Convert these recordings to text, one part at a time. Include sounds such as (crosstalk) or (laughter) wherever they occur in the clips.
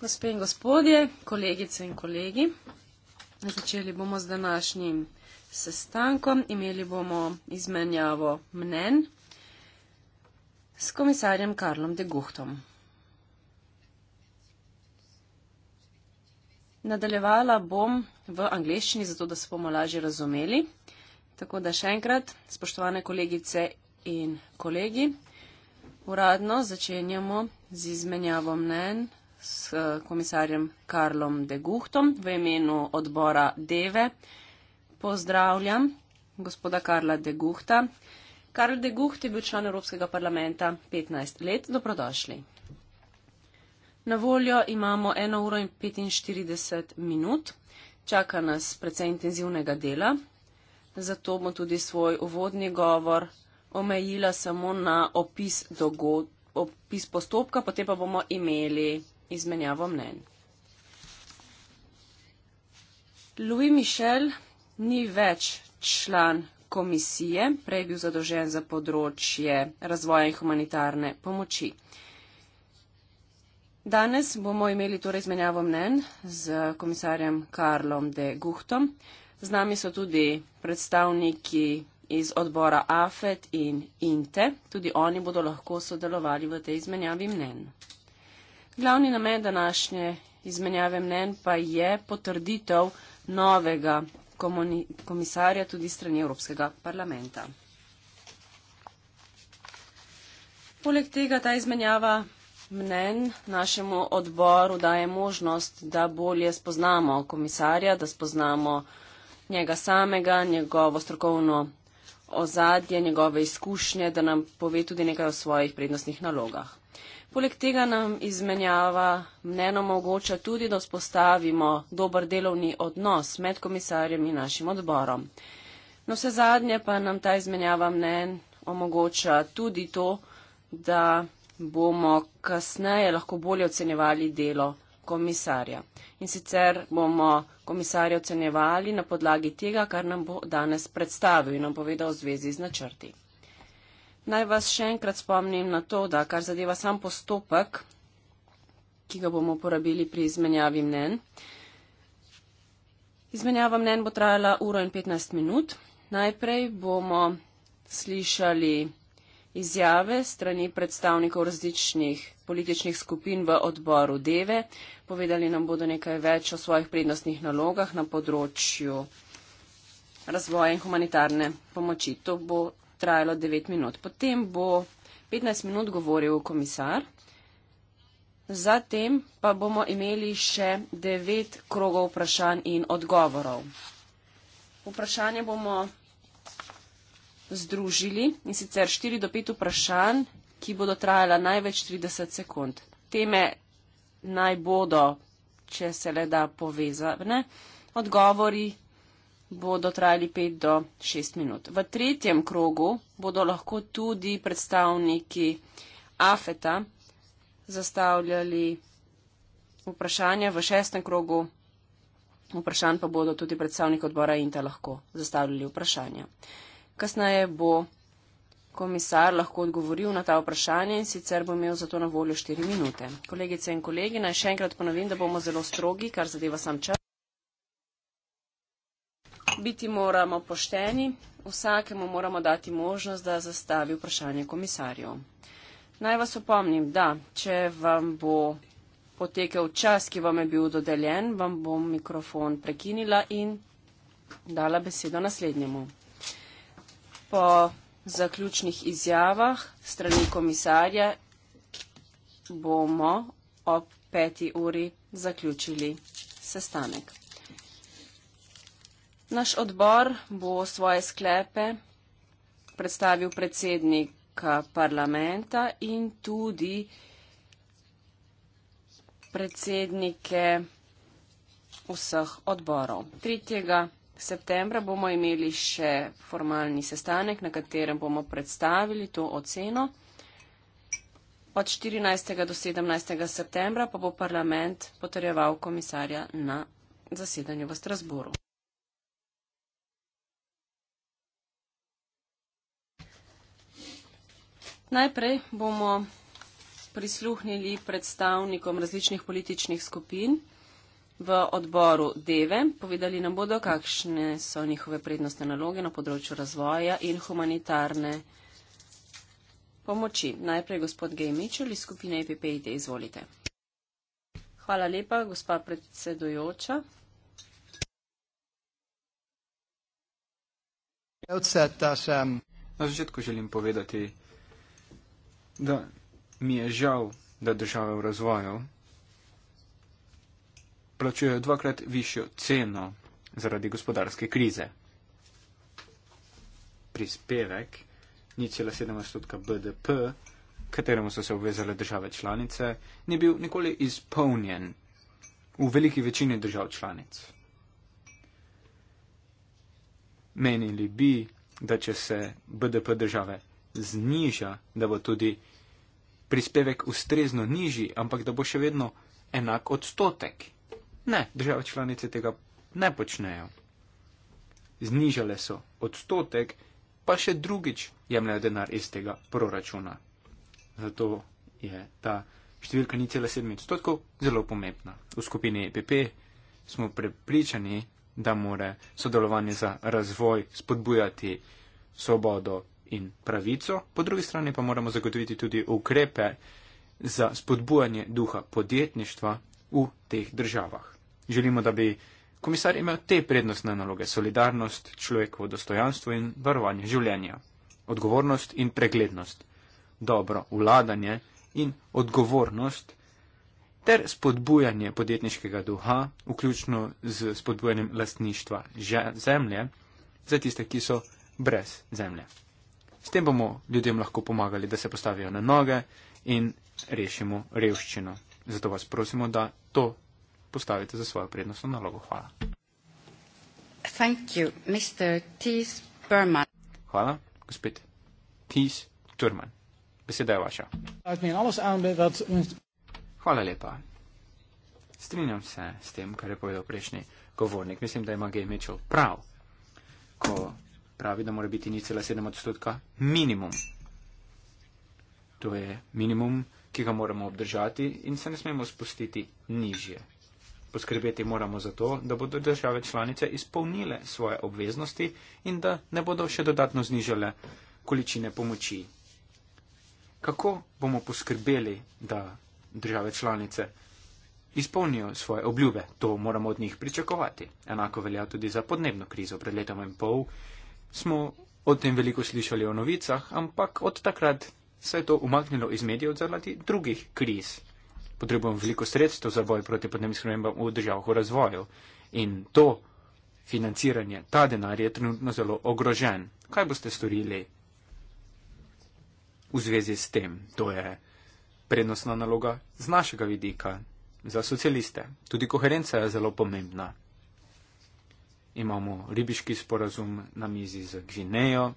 Gospe in gospodje, kolegice in kolegi, začeli bomo z današnjim sestankom. Imeli bomo izmenjavo mnen s komisarjem Karlom de Guhtom. Nadaljevala bom v angleščini, zato da se bomo lažje razumeli. Tako da še enkrat, spoštovane kolegice in kolegi, uradno začenjamo z izmenjavo mnen s eh, komisarjem Karlom de Guhtom v imenu odbora Deve. Pozdravljam gospoda Karla de Guhta. Karl de Guht je bil član Evropskega parlamenta 15 let. Dobrodošli. Na voljo imamo 1 uro in 45 minut. Čaka nas precej intenzivnega dela. Zato bom tudi svoj uvodni govor omejila samo na opis, opis postopka, potem pa bomo imeli izmenjavo mnenj. Louis Michel ni več član komisije, prej bil zadolžen za področje razvoja in humanitarne pomoči. Danes bomo imeli torej izmenjavo mnen z komisarjem Karlom de Guhtom. Z nami so tudi predstavniki iz odbora AFET in INTE, tudi oni bodo lahko sodelovali v tej izmenjavi mnen. Glavni namen današnje izmenjave mnen pa je potrditev novega komisarja tudi strani Evropskega parlamenta. Poleg tega ta izmenjava mnen našemu odboru daje možnost, da bolje spoznamo komisarja, da spoznamo njega samega, njegovo strokovno ozadje, njegove izkušnje, da nam pove tudi nekaj o svojih prednostnih nalogah. Poleg tega nam izmenjava mneno mogoča tudi, da spostavimo dober delovni odnos med komisarjem in našim odborom. No vse zadnje pa nam ta izmenjava mnen omogoča tudi to, da bomo kasneje lahko bolje ocenjevali delo komisarja. In sicer bomo komisarja ocenjevali na podlagi tega, kar nam bo danes predstavil in nam povedal v zvezi z načrti. Naj vas še enkrat spomnim na to, da kar zadeva sam postopek, ki ga bomo uporabili pri izmenjavi mnen. Izmenjava mnen bo trajala uro in 15 minut. Najprej bomo slišali izjave strani predstavnikov različnih političnih skupin v odboru Deve. Povedali nam bodo nekaj več o svojih prednostnih nalogah na področju razvoja in humanitarne pomoči. To bo trajalo 9 minut. Potem bo 15 minut govoril komisar. Zatem pa bomo imeli še 9 krogov vprašanj in odgovorov. Vprašanje bomo združili in sicer 4 do 5 vprašanj ki bodo trajala največ 30 sekund. Teme naj bodo, če se le da, povezane. Odgovori bodo trajali 5 do 6 minut. V tretjem krogu bodo lahko tudi predstavniki AFETA zastavljali vprašanja, v šestem krogu vprašanj pa bodo tudi predstavniki odbora INTA lahko zastavljali vprašanja. Kasneje bo komisar lahko odgovoril na ta vprašanje in sicer bo imel za to na voljo 4 minute. Kolegice in kolegi, naj še enkrat ponovim, da bomo zelo strogi, kar zadeva sam čas. Biti moramo pošteni, vsakemu moramo dati možnost, da zastavi vprašanje komisarju. Naj vas opomnim, da če vam bo potekel čas, ki vam je bil dodeljen, vam bom mikrofon prekinila in dala besedo naslednjemu. Po zaključnih izjavah strani komisarja bomo ob peti uri zaključili sestanek. Naš odbor bo svoje sklepe predstavil predsednika parlamenta in tudi predsednike vseh odborov. 3. Septembra bomo imeli še formalni sestanek, na katerem bomo predstavili to oceno. Od 14. do 17. septembra pa bo parlament potrjeval komisarja na zasedanju v Strasburu. Najprej bomo prisluhnili predstavnikom različnih političnih skupin v odboru Deve. Povedali nam bodo, kakšne so njihove prednostne naloge na področju razvoja in humanitarne pomoči. Najprej gospod Gej Mičel iz skupine EPPID, izvolite. Hvala lepa, gospa predsedujoča. Na začetku želim povedati, da mi je žal, da države v razvoju plačujejo dvakrat višjo ceno zaradi gospodarske krize. Prispevek ni cela sedem odstotka BDP, kateremu so se obvezale države članice, ni bil nikoli izpolnjen v veliki večini držav članic. Menili bi, da če se BDP države zniža, da bo tudi prispevek ustrezno nižji, ampak da bo še vedno enak odstotek Ne, države članice tega ne počnejo. Znižale so odstotek, pa še drugič jemljajo denar iz tega proračuna. Zato je ta številka ni cela sedem odstotkov zelo pomembna. V skupini EPP smo prepričani, da more sodelovanje za razvoj spodbujati svobodo in pravico, po drugi strani pa moramo zagotoviti tudi ukrepe za spodbujanje duha podjetništva v teh državah. Želimo, da bi komisar imel te prednostne naloge - solidarnost, človekovo dostojanstvo in varovanje življenja, odgovornost in preglednost, dobro vladanje in odgovornost ter spodbujanje podjetniškega duha, vključno z spodbujanjem lastništva zemlje za tiste, ki so brez zemlje. S tem bomo ljudem lahko pomagali, da se postavijo na noge in rešimo revščino. Zato vas prosimo, da to postavite za svojo prednostno nalogo. Hvala. Thank you, Mr. Thies Berman. Hvala, gospod Thies Turman. Beseda je vaša. Hvala lepa. Strinjam se s tem, kar je povedal prejšnji govornik. Mislim, da ima Gay Mitchell prav, ko pravi, da mora biti 0,7 odstotka minimum. To je minimum ki ga moramo obdržati in se ne smemo spustiti nižje. Poskrbeti moramo za to, da bodo države članice izpolnile svoje obveznosti in da ne bodo še dodatno znižale količine pomoči. Kako bomo poskrbeli, da države članice izpolnijo svoje obljube? To moramo od njih pričakovati. Enako velja tudi za podnebno krizo. Pred letom in pol smo o tem veliko slišali o novicah, ampak od takrat se je to umaknilo iz medijev zaradi drugih kriz. Potrebujemo veliko sredstev za boj proti podnebnim spremembam v državah v razvoju in to financiranje, ta denar je trenutno zelo ogrožen. Kaj boste storili v zvezi s tem? To je prednostna naloga z našega vidika za socialiste. Tudi koherenca je zelo pomembna. Imamo ribiški sporazum na mizi z Gvinejo.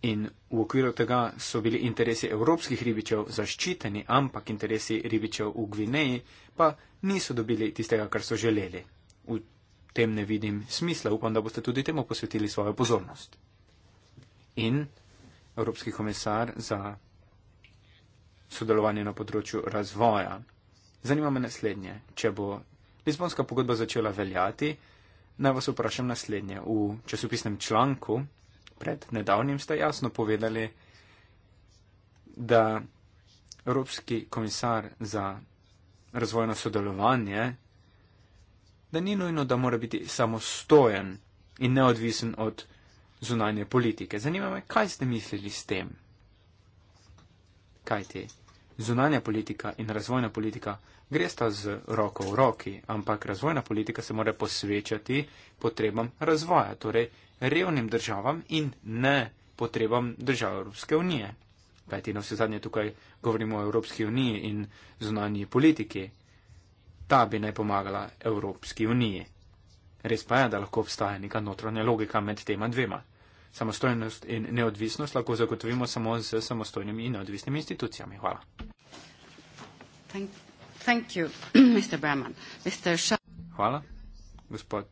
In v okviru tega so bili interesi evropskih ribičev zaščiteni, ampak interesi ribičev v Gvineji pa niso dobili tistega, kar so želeli. V tem ne vidim smisla, upam, da boste tudi temu posvetili svojo pozornost. In Evropski komisar za sodelovanje na področju razvoja. Zanima me naslednje. Če bo Lizbonska pogodba začela veljati, naj vas vprašam naslednje. V časopisnem članku pred nedavnim ste jasno povedali, da Evropski komisar za razvojno sodelovanje, da ni nujno, da mora biti samostojen in neodvisen od zunanje politike. Zanima me, kaj ste mislili s tem? Kaj ti? Zunanja politika in razvojna politika gresta z roko v roki, ampak razvojna politika se mora posvečati potrebam razvoja, torej revnim državam in ne potrebam držav Evropske unije. Kajti na vse zadnje tukaj govorimo o Evropski uniji in zunanji politiki. Ta bi naj pomagala Evropski uniji. Res pa je, da lahko obstaja neka notranja logika med tema dvema. Samostojnost in neodvisnost lahko zagotovimo samo z samostojnimi in neodvisnimi institucijami. Hvala. Thank, thank you, (clears throat) Hvala, gospod.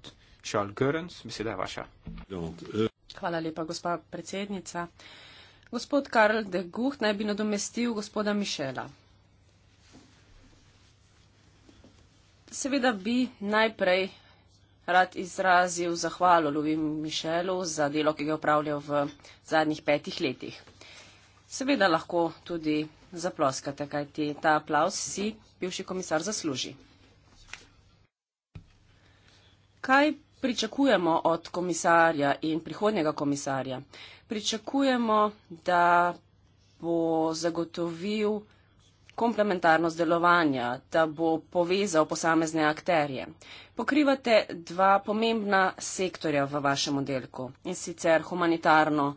Charles Görens, beseda je vaša. Euh, Hvala lepa, gospa predsednica. Gospod Karl de Gucht naj bi nadomestil gospoda Mišela. Seveda bi najprej rad izrazil zahvalo Lovi Mišelu za delo, ki ga je upravljal v zadnjih petih letih. Seveda lahko tudi zaploskate, kajti ta aplaus si bivši komisar zasluži. Kaj pričakujemo od komisarja in prihodnjega komisarja? Pričakujemo, da bo zagotovil komplementarno zdelovanje, da bo povezal posamezne akterje. Pokrivate dva pomembna sektorja v vašem oddelku in sicer humanitarno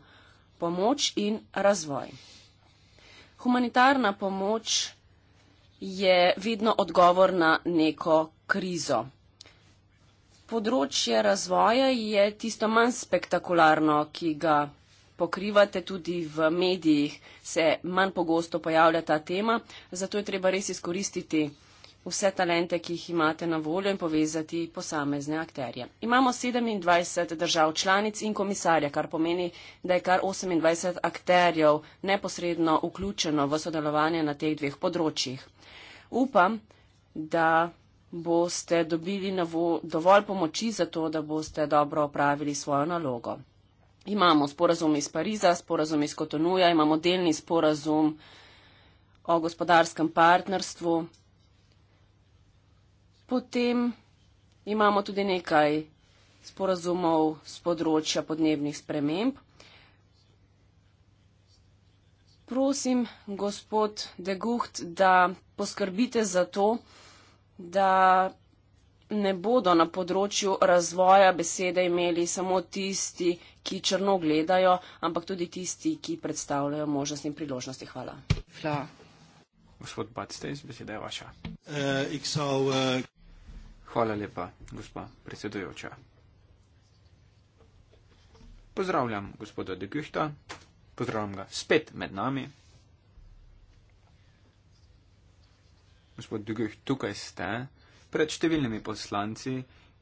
pomoč in razvoj. Humanitarna pomoč je vedno odgovor na neko krizo področje razvoja je tisto manj spektakularno, ki ga pokrivate tudi v medijih, se manj pogosto pojavlja ta tema, zato je treba res izkoristiti vse talente, ki jih imate na voljo in povezati posamezne akterje. Imamo 27 držav članic in komisarja, kar pomeni, da je kar 28 akterjev neposredno vključeno v sodelovanje na teh dveh področjih. Upam, da boste dobili dovolj pomoči za to, da boste dobro opravili svojo nalogo. Imamo sporazum iz Pariza, sporazum iz Kotonuja, imamo delni sporazum o gospodarskem partnerstvu. Potem imamo tudi nekaj sporazumov z področja podnebnih sprememb. Prosim, gospod Degucht, da poskrbite za to, da da ne bodo na področju razvoja besede imeli samo tisti, ki črno gledajo, ampak tudi tisti, ki predstavljajo možnosti in priložnosti. Hvala. Hvala. Gospod Batstejs, beseda je vaša. Uh, so, uh... Hvala lepa, gospa predsedujoča. Pozdravljam gospoda De Guhta, pozdravljam ga spet med nami. gospod Dugih, tukaj ste pred številnimi poslanci,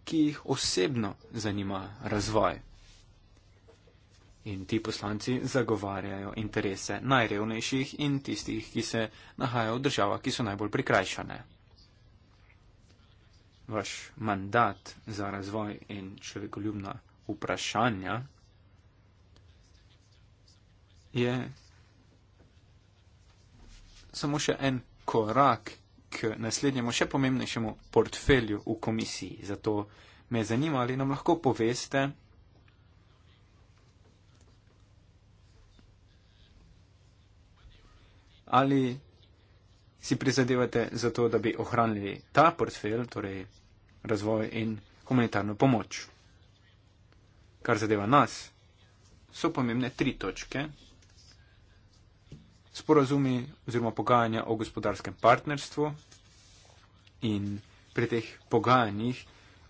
ki jih osebno zanima razvoj. In ti poslanci zagovarjajo interese najrevnejših in tistih, ki se nahajajo v državah, ki so najbolj prikrajšane. Vaš mandat za razvoj in človekoljubna vprašanja je samo še en korak k naslednjemu še pomembnejšemu portfelju v komisiji. Zato me zanima, ali nam lahko poveste, ali si prizadevate za to, da bi ohranili ta portfelj, torej razvoj in humanitarno pomoč. Kar zadeva nas, so pomembne tri točke, sporazumi oziroma pogajanja o gospodarskem partnerstvu in pri teh pogajanjih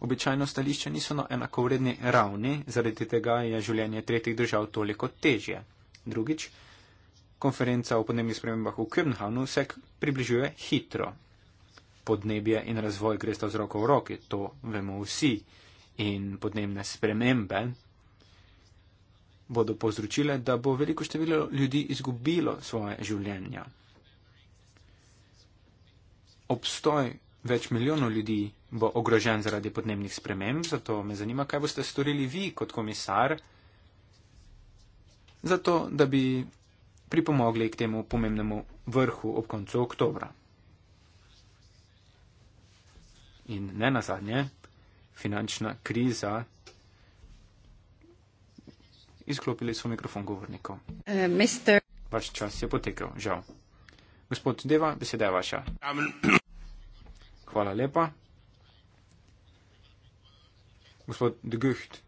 običajno stališča niso na enakovredni ravni, zaradi tega je življenje tretjih držav toliko težje. Drugič, konferenca o podnebnih spremembah v Kirnhavnu se približuje hitro. Podnebje in razvoj gresta z roko v roki, to vemo vsi. In podnebne spremembe bodo povzročile, da bo veliko število ljudi izgubilo svoje življenja. Obstoj več milijonov ljudi bo ogrožen zaradi podnebnih sprememb, zato me zanima, kaj boste storili vi kot komisar, zato da bi pripomogli k temu pomembnemu vrhu ob koncu oktobra. In ne nazadnje, finančna kriza izklopili so mikrofon govorniku. Uh, e, mister... Vaš čas je potekel, žal. Gospod Deva, beseda je vaša. Hvala lepa. Gospod de Gucht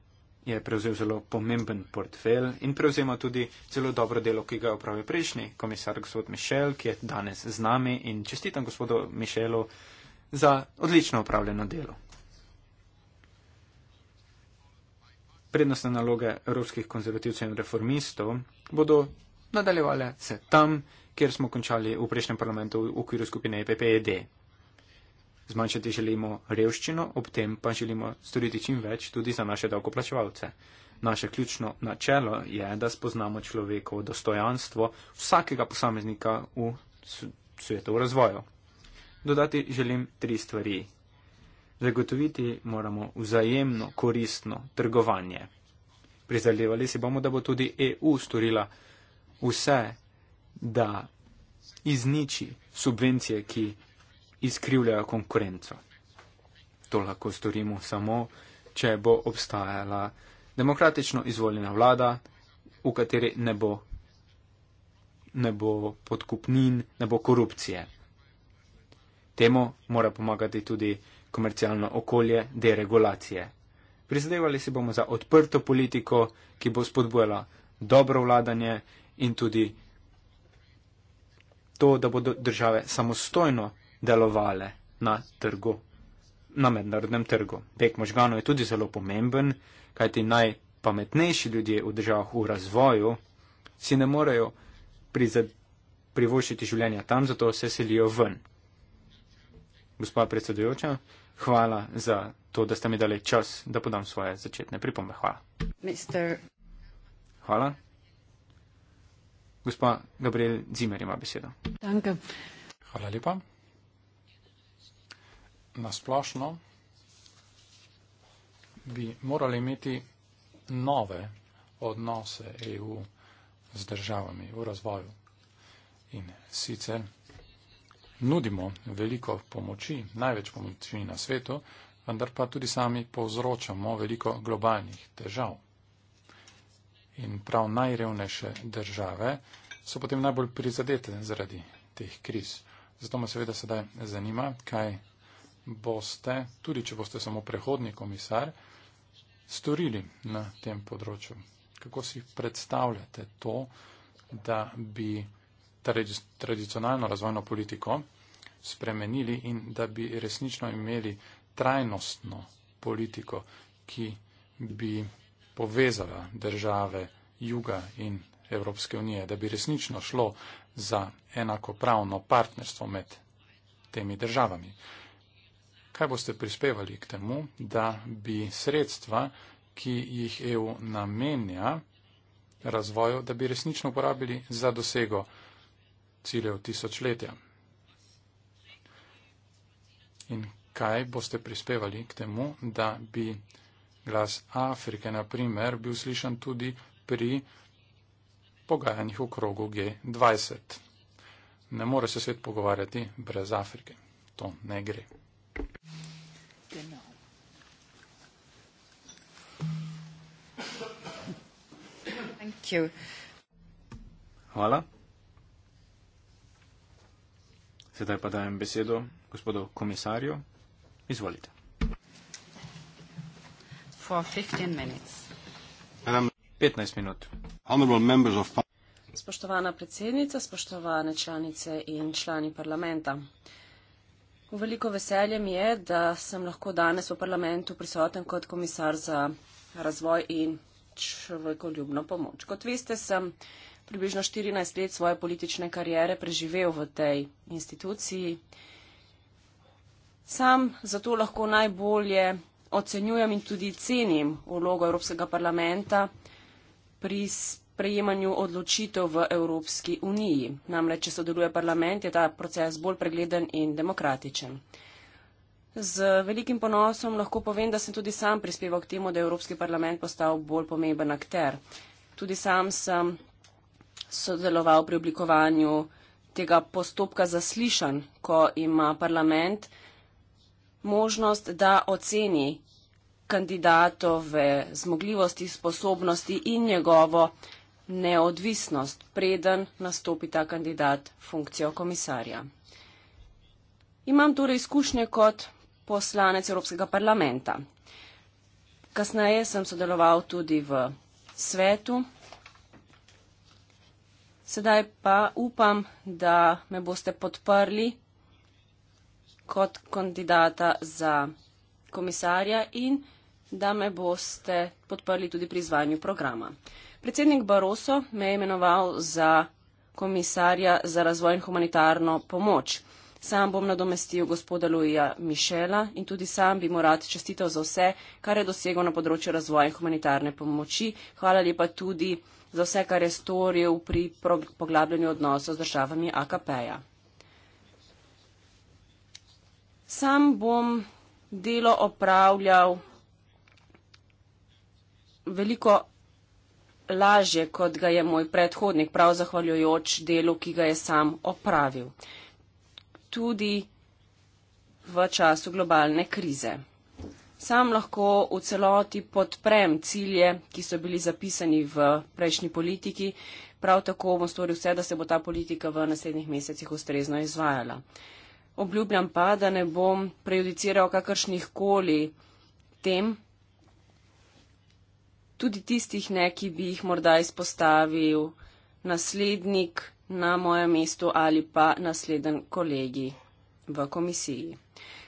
je prevzel zelo pomemben portfel in prevzema tudi zelo dobro delo, ki ga je opravil prejšnji komisar gospod Mišel, ki je danes z nami in čestitam gospodu Mišelu za odlično upravljeno delo. prednostne naloge evropskih konzervativcev in reformistov bodo nadaljevale se tam, kjer smo končali v prejšnjem parlamentu v okviru skupine EPPED. Zmanjšati želimo revščino, ob tem pa želimo storiti čim več tudi za naše davkoplačevalce. Naše ključno načelo je, da spoznamo človekovo dostojanstvo vsakega posameznika v svetu v razvoju. Dodati želim tri stvari. Zagotoviti moramo vzajemno koristno trgovanje. Prizadevali si bomo, da bo tudi EU storila vse, da izniči subvencije, ki izkrivljajo konkurenco. To lahko storimo samo, če bo obstajala demokratično izvoljena vlada, v kateri ne bo, ne bo podkupnin, ne bo korupcije. Temu mora pomagati tudi komercialno okolje deregulacije. Prizadevali si bomo za odprto politiko, ki bo spodbujala dobro vladanje in tudi to, da bodo države samostojno delovale na trgu, na mednarodnem trgu. Bek možganov je tudi zelo pomemben, kajti najpametnejši ljudje v državah v razvoju si ne morejo prizadevati. Privošiti življenja tam, zato se selijo ven. Gospa predsedujoča, hvala za to, da ste mi dali čas, da podam svoje začetne pripombe. Hvala. Mister. Hvala. Gospa Gabriel Zimer ima besedo. Danke. Hvala lepa. Nasplošno bi morali imeti nove odnose EU z državami v razvoju. In sicer nudimo veliko pomoči, največ pomoči na svetu, vendar pa tudi sami povzročamo veliko globalnih težav. In prav najrevnejše države so potem najbolj prizadete zaradi teh kriz. Zato me seveda sedaj zanima, kaj boste, tudi če boste samo prehodni komisar, storili na tem področju. Kako si predstavljate to, da bi tradi tradicionalno razvojno politiko spremenili in da bi resnično imeli trajnostno politiko, ki bi povezala države juga in Evropske unije, da bi resnično šlo za enakopravno partnerstvo med temi državami. Kaj boste prispevali k temu, da bi sredstva, ki jih EU namenja razvoju, da bi resnično uporabili za dosego ciljev tisočletja. In kaj boste prispevali k temu, da bi glas Afrike, na primer, bil slišan tudi pri pogajanjih v krogu G20? Ne more se svet pogovarjati brez Afrike. To ne gre. Hvala. Sedaj pa dajem besedo gospodu komisarju. Izvolite. For 15 minutes. 15 minut. Spoštovana predsednica, spoštovane članice in člani parlamenta. Veliko veselje mi je, da sem lahko danes v parlamentu prisoten kot komisar za razvoj in človekoljubno pomoč. Kot veste, sem približno 14 let svoje politične kariere preživel v tej instituciji. Sam zato lahko najbolje ocenjujem in tudi cenim vlogo Evropskega parlamenta pri sprejemanju odločitev v Evropski uniji. Namreč, če sodeluje parlament, je ta proces bolj pregleden in demokratičen. Z velikim ponosom lahko povem, da sem tudi sam prispeval k temu, da je Evropski parlament postal bolj pomemben akter. Tudi sam sem sodeloval pri oblikovanju tega postopka zaslišan, ko ima parlament možnost, da oceni kandidatove zmogljivosti, sposobnosti in njegovo neodvisnost, preden nastopi ta kandidat funkcijo komisarja. Imam torej izkušnje kot poslanec Evropskega parlamenta. Kasneje sem sodeloval tudi v svetu Sedaj pa upam, da me boste podprli kot kandidata za komisarja in da me boste podprli tudi pri izvajanju programa. Predsednik Baroso me je imenoval za komisarja za razvoj in humanitarno pomoč. Sam bom nadomestil gospoda Luija Mišela in tudi sam bi mu rad čestitev za vse, kar je dosegel na področju razvoja in humanitarne pomoči. Hvala lepa tudi za vse, kar je storil pri poglabljanju odnosov z državami AKP-ja. Sam bom delo opravljal veliko lažje, kot ga je moj predhodnik, prav zahvaljujoč delu, ki ga je sam opravil. Tudi v času globalne krize. Sam lahko v celoti podprem cilje, ki so bili zapisani v prejšnji politiki. Prav tako bom storil vse, da se bo ta politika v naslednjih mesecih ustrezno izvajala. Obljubljam pa, da ne bom prejudiciral kakršnih koli tem, tudi tistih ne, ki bi jih morda izpostavil naslednik na mojem mestu ali pa nasleden kolegi v komisiji.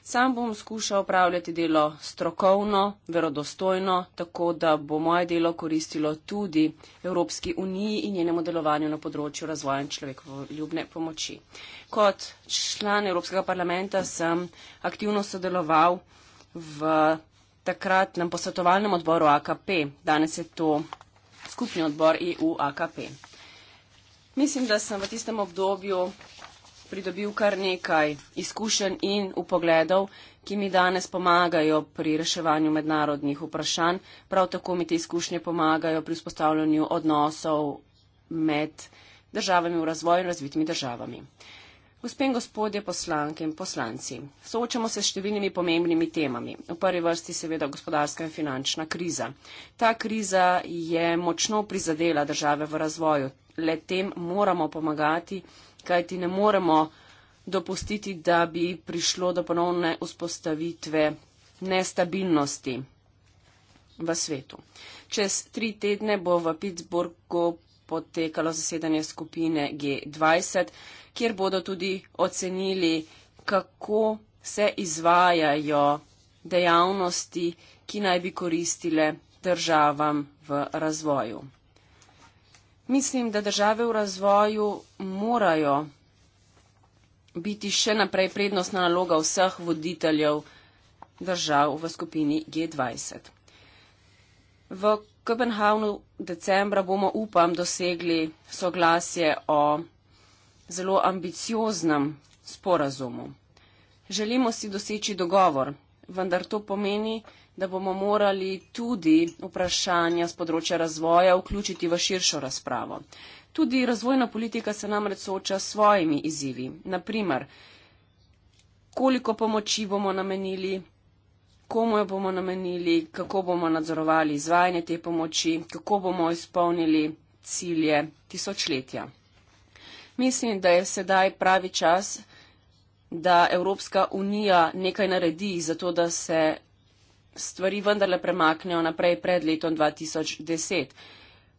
Sam bom skušal upravljati delo strokovno, verodostojno, tako da bo moje delo koristilo tudi Evropski uniji in njenemu delovanju na področju razvoja in človekoljubne pomoči. Kot član Evropskega parlamenta sem aktivno sodeloval v takratnem posvetovalnem odboru AKP. Danes je to skupni odbor EU-AKP. Mislim, da sem v tistem obdobju pridobil kar nekaj izkušenj in upogledov, ki mi danes pomagajo pri reševanju mednarodnih vprašanj. Prav tako mi te izkušnje pomagajo pri vzpostavljanju odnosov med državami v razvoju in razvitimi državami. Gospe in gospodje poslanke in poslanci, soočamo se s številnimi pomembnimi temami. V prvi vrsti seveda gospodarska in finančna kriza. Ta kriza je močno prizadela države v razvoju. Le tem moramo pomagati kajti ne moremo dopustiti, da bi prišlo do ponovne vzpostavitve nestabilnosti v svetu. Čez tri tedne bo v Pittsburghu potekalo zasedanje skupine G20, kjer bodo tudi ocenili, kako se izvajajo dejavnosti, ki naj bi koristile državam v razvoju. Mislim, da države v razvoju morajo biti še naprej prednostna naloga vseh voditeljev držav v skupini G20. V Kopenhavnu decembra bomo, upam, dosegli soglasje o zelo ambicioznem sporazumu. Želimo si doseči dogovor, vendar to pomeni, da bomo morali tudi vprašanja z področja razvoja vključiti v širšo razpravo. Tudi razvojna politika se namreč sooča s svojimi izzivi. Naprimer, koliko pomoči bomo namenili, komu jo bomo namenili, kako bomo nadzorovali izvajanje te pomoči, kako bomo izpolnili cilje tisočletja. Mislim, da je sedaj pravi čas, da Evropska unija nekaj naredi za to, da se stvari vendarle premaknejo naprej pred letom 2010.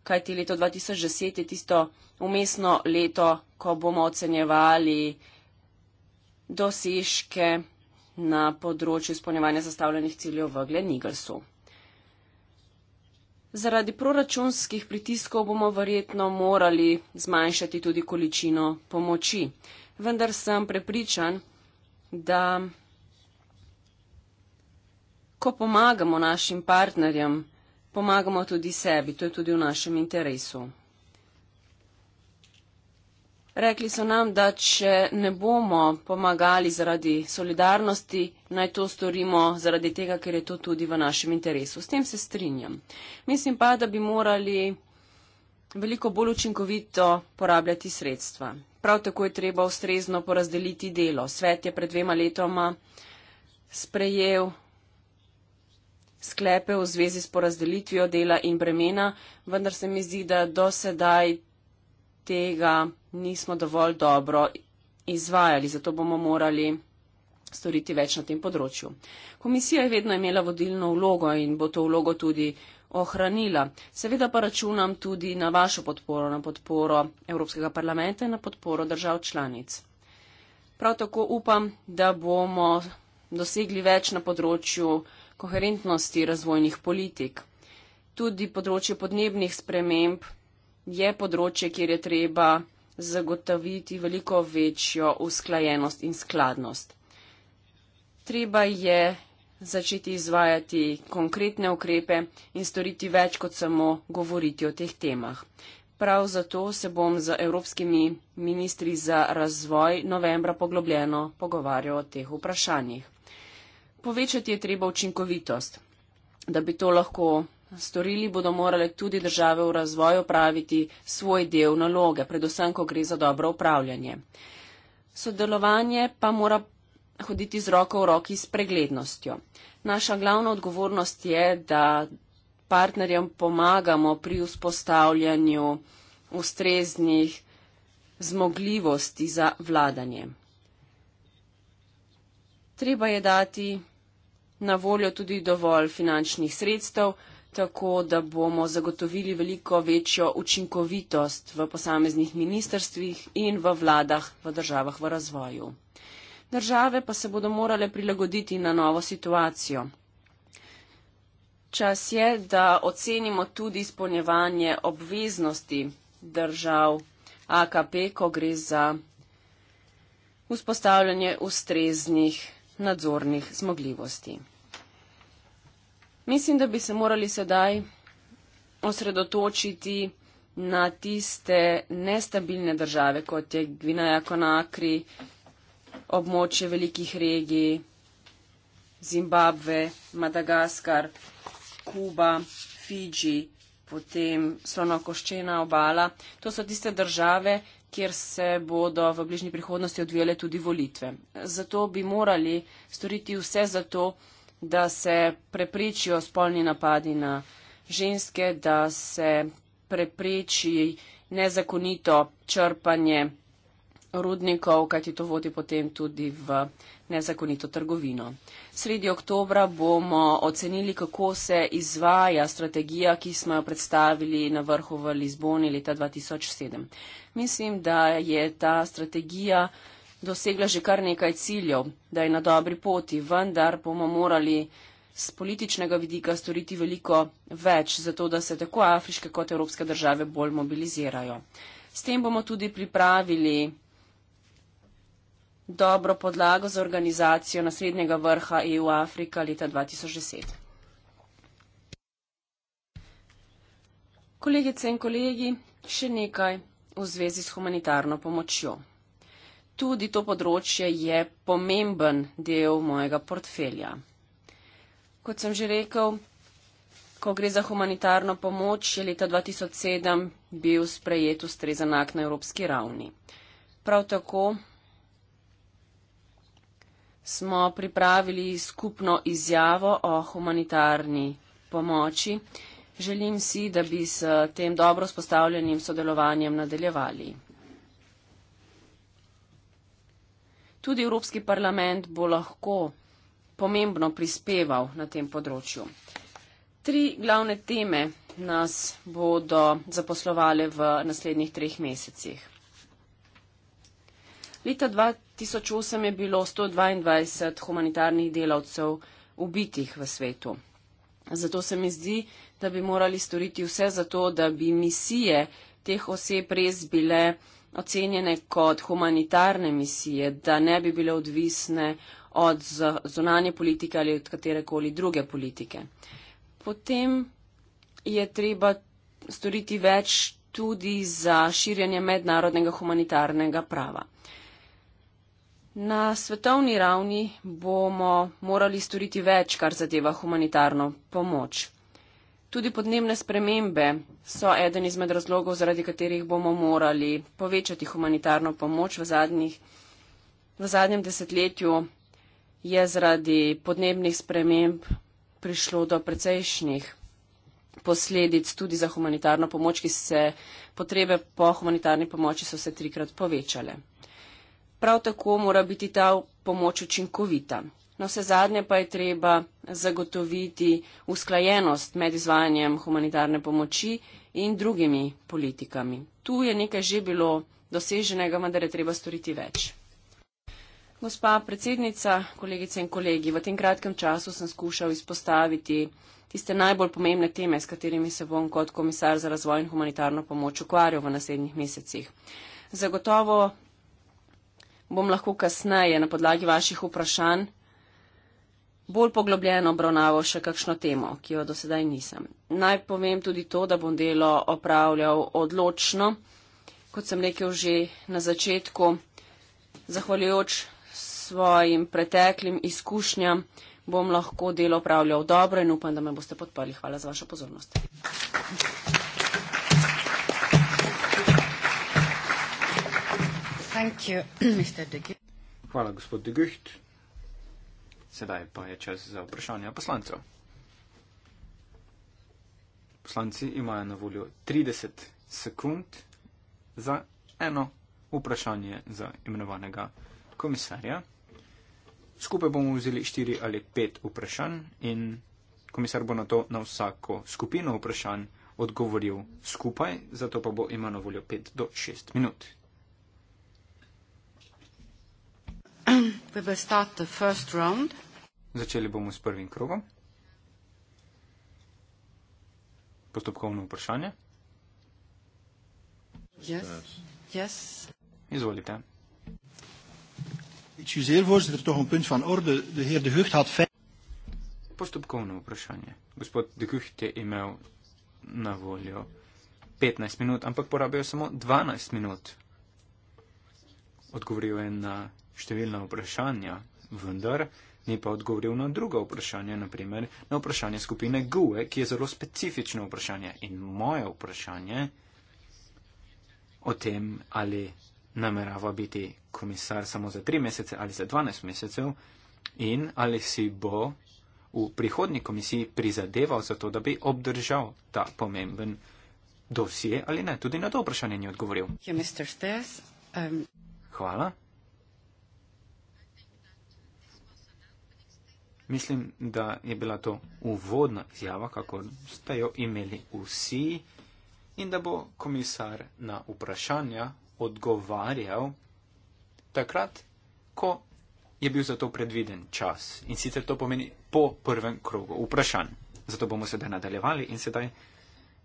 Kaj ti leto 2010 je tisto umestno leto, ko bomo ocenjevali dosežke na področju izpolnjevanja zastavljenih ciljev v Glenigrsu. Zaradi proračunskih pritiskov bomo verjetno morali zmanjšati tudi količino pomoči. Vendar sem prepričan, da ko pomagamo našim partnerjem, pomagamo tudi sebi, to je tudi v našem interesu. Rekli so nam, da če ne bomo pomagali zaradi solidarnosti, naj to storimo zaradi tega, ker je to tudi v našem interesu. S tem se strinjam. Mislim pa, da bi morali veliko bolj učinkovito porabljati sredstva. Prav tako je treba ustrezno porazdeliti delo. Svet je pred dvema letoma sprejel sklepe v zvezi s porazdelitvijo dela in bremena, vendar se mi zdi, da do sedaj tega nismo dovolj dobro izvajali, zato bomo morali storiti več na tem področju. Komisija je vedno imela vodilno vlogo in bo to vlogo tudi ohranila. Seveda pa računam tudi na vašo podporo, na podporo Evropskega parlamenta in na podporo držav članic. Prav tako upam, da bomo dosegli več na področju koherentnosti razvojnih politik. Tudi področje podnebnih sprememb je področje, kjer je treba zagotoviti veliko večjo usklajenost in skladnost. Treba je začeti izvajati konkretne ukrepe in storiti več kot samo govoriti o teh temah. Prav zato se bom z evropskimi ministri za razvoj novembra poglobljeno pogovarjal o teh vprašanjih povečati je treba učinkovitost. Da bi to lahko storili, bodo morale tudi države v razvoju praviti svoj del naloge, predvsem, ko gre za dobro upravljanje. Sodelovanje pa mora hoditi z roko v roki s preglednostjo. Naša glavna odgovornost je, da partnerjem pomagamo pri vzpostavljanju ustreznih zmogljivosti za vladanje. Treba je dati na voljo tudi dovolj finančnih sredstev, tako da bomo zagotovili veliko večjo učinkovitost v posameznih ministerstvih in v vladah v državah v razvoju. Države pa se bodo morale prilagoditi na novo situacijo. Čas je, da ocenimo tudi izpolnjevanje obveznosti držav AKP, ko gre za vzpostavljanje ustreznih nadzornih zmogljivosti. Mislim, da bi se morali sedaj osredotočiti na tiste nestabilne države, kot je Gvineja, Konakri, območje velikih regij, Zimbabve, Madagaskar, Kuba, Fiji, potem Slonokoščena obala. To so tiste države, kjer se bodo v bližnji prihodnosti odvijale tudi volitve. Zato bi morali storiti vse za to, da se preprečijo spolni napadi na ženske, da se prepreči nezakonito črpanje rudnikov, kajti to vodi potem tudi v nezakonito trgovino. Sredi oktobra bomo ocenili, kako se izvaja strategija, ki smo jo predstavili na vrhu v Lizboni leta 2007. Mislim, da je ta strategija dosegla že kar nekaj ciljev, da je na dobri poti, vendar bomo morali z političnega vidika storiti veliko več, zato da se tako afriške kot evropske države bolj mobilizirajo. S tem bomo tudi pripravili dobro podlago za organizacijo naslednjega vrha EU-Afrika leta 2010. Kolegice in kolegi, še nekaj v zvezi s humanitarno pomočjo tudi to področje je pomemben del mojega portfelja. Kot sem že rekel, ko gre za humanitarno pomoč, je leta 2007 bil sprejet ustrezen akt na evropski ravni. Prav tako smo pripravili skupno izjavo o humanitarni pomoči. Želim si, da bi s tem dobro spostavljenim sodelovanjem nadaljevali. Tudi Evropski parlament bo lahko pomembno prispeval na tem področju. Tri glavne teme nas bodo zaposlovali v naslednjih treh mesecih. Leta 2008 je bilo 122 humanitarnih delavcev ubitih v svetu. Zato se mi zdi, da bi morali storiti vse za to, da bi misije teh oseb res bile ocenjene kot humanitarne misije, da ne bi bile odvisne od zunanje politike ali od katerekoli druge politike. Potem je treba storiti več tudi za širjanje mednarodnega humanitarnega prava. Na svetovni ravni bomo morali storiti več, kar zadeva humanitarno pomoč. Tudi podnebne spremembe so eden izmed razlogov, zaradi katerih bomo morali povečati humanitarno pomoč v, zadnjih, v zadnjem desetletju. Je zaradi podnebnih sprememb prišlo do precejšnjih posledic tudi za humanitarno pomoč, ki se potrebe po humanitarni pomoči so se trikrat povečale. Prav tako mora biti ta pomoč učinkovita. No, vse zadnje pa je treba zagotoviti usklajenost med izvajanjem humanitarne pomoči in drugimi politikami. Tu je nekaj že bilo doseženega, vendar je treba storiti več. Gospa predsednica, kolegice in kolegi, v tem kratkem času sem skušal izpostaviti tiste najbolj pomembne teme, s katerimi se bom kot komisar za razvoj in humanitarno pomoč ukvarjal v naslednjih mesecih. Zagotovo bom lahko kasneje na podlagi vaših vprašanj bolj poglobljeno obravnavo še kakšno temo, ki jo do sedaj nisem. Naj povem tudi to, da bom delo opravljal odločno, kot sem rekel že na začetku, zahvaljujoč svojim preteklim izkušnjam bom lahko delo upravljal dobro in upam, da me boste podprli. Hvala za vašo pozornost. (clears throat) Hvala, gospod Degucht. Sedaj pa je čas za vprašanje poslancev. Poslanci imajo na voljo 30 sekund za eno vprašanje za imenovanega komisarja. Skupaj bomo vzeli 4 ali 5 vprašanj in komisar bo na to na vsako skupino vprašanj odgovoril skupaj, zato pa bo imel na voljo 5 do 6 minut. We will start the first round. Začeli bomo s prvim krogom. Postopkovno vprašanje. Yes. Yes. Izvolite. Excuseer, voorzitter, toch een punt van orde. De heer De Hucht had vijf... Postopkovno vprašanje. Gospod De Hucht je imel na voljo 15 minut, ampak porabijo samo 12 minut. Odgovoril je na številna vprašanja, vendar ni pa odgovoril na druga vprašanja, naprimer na vprašanje skupine GUE, ki je zelo specifično vprašanje in moje vprašanje o tem, ali namerava biti komisar samo za tri mesece ali za dvanajst mesecev in ali si bo v prihodnji komisiji prizadeval za to, da bi obdržal ta pomemben dosje ali ne. Tudi na to vprašanje ni odgovoril. Um, Hvala. Mislim, da je bila to uvodna izjava, kako ste jo imeli vsi in da bo komisar na vprašanja odgovarjal takrat, ko je bil za to predviden čas. In sicer to pomeni po prvem krogu vprašanj. Zato bomo sedaj nadaljevali in sedaj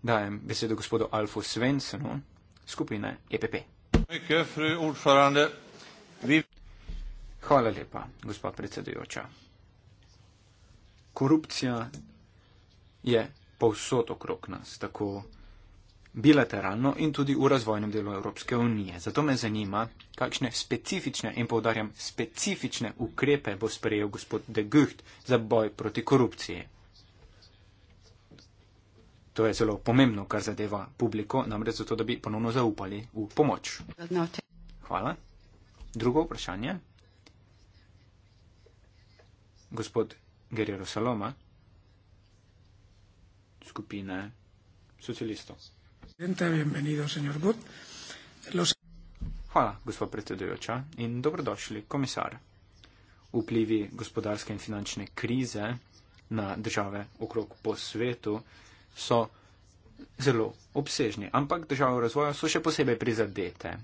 dajem besedo gospodu Alfu Svensonu skupine EPP. Hvala lepa, gospod predsedujoča korupcija je povsod okrog nas, tako bilateralno in tudi v razvojnem delu Evropske unije. Zato me zanima, kakšne specifične in povdarjam specifične ukrepe bo sprejel gospod De Gucht za boj proti korupciji. To je zelo pomembno, kar zadeva publiko, namreč zato, da bi ponovno zaupali v pomoč. Hvala. Drugo vprašanje. Gospod Gerero Saloma, skupine socialistov. Hvala, gospod predsedujoča in dobrodošli, komisar. Vplivi gospodarske in finančne krize na države okrog po svetu so zelo obsežni, ampak države v razvoju so še posebej prizadete.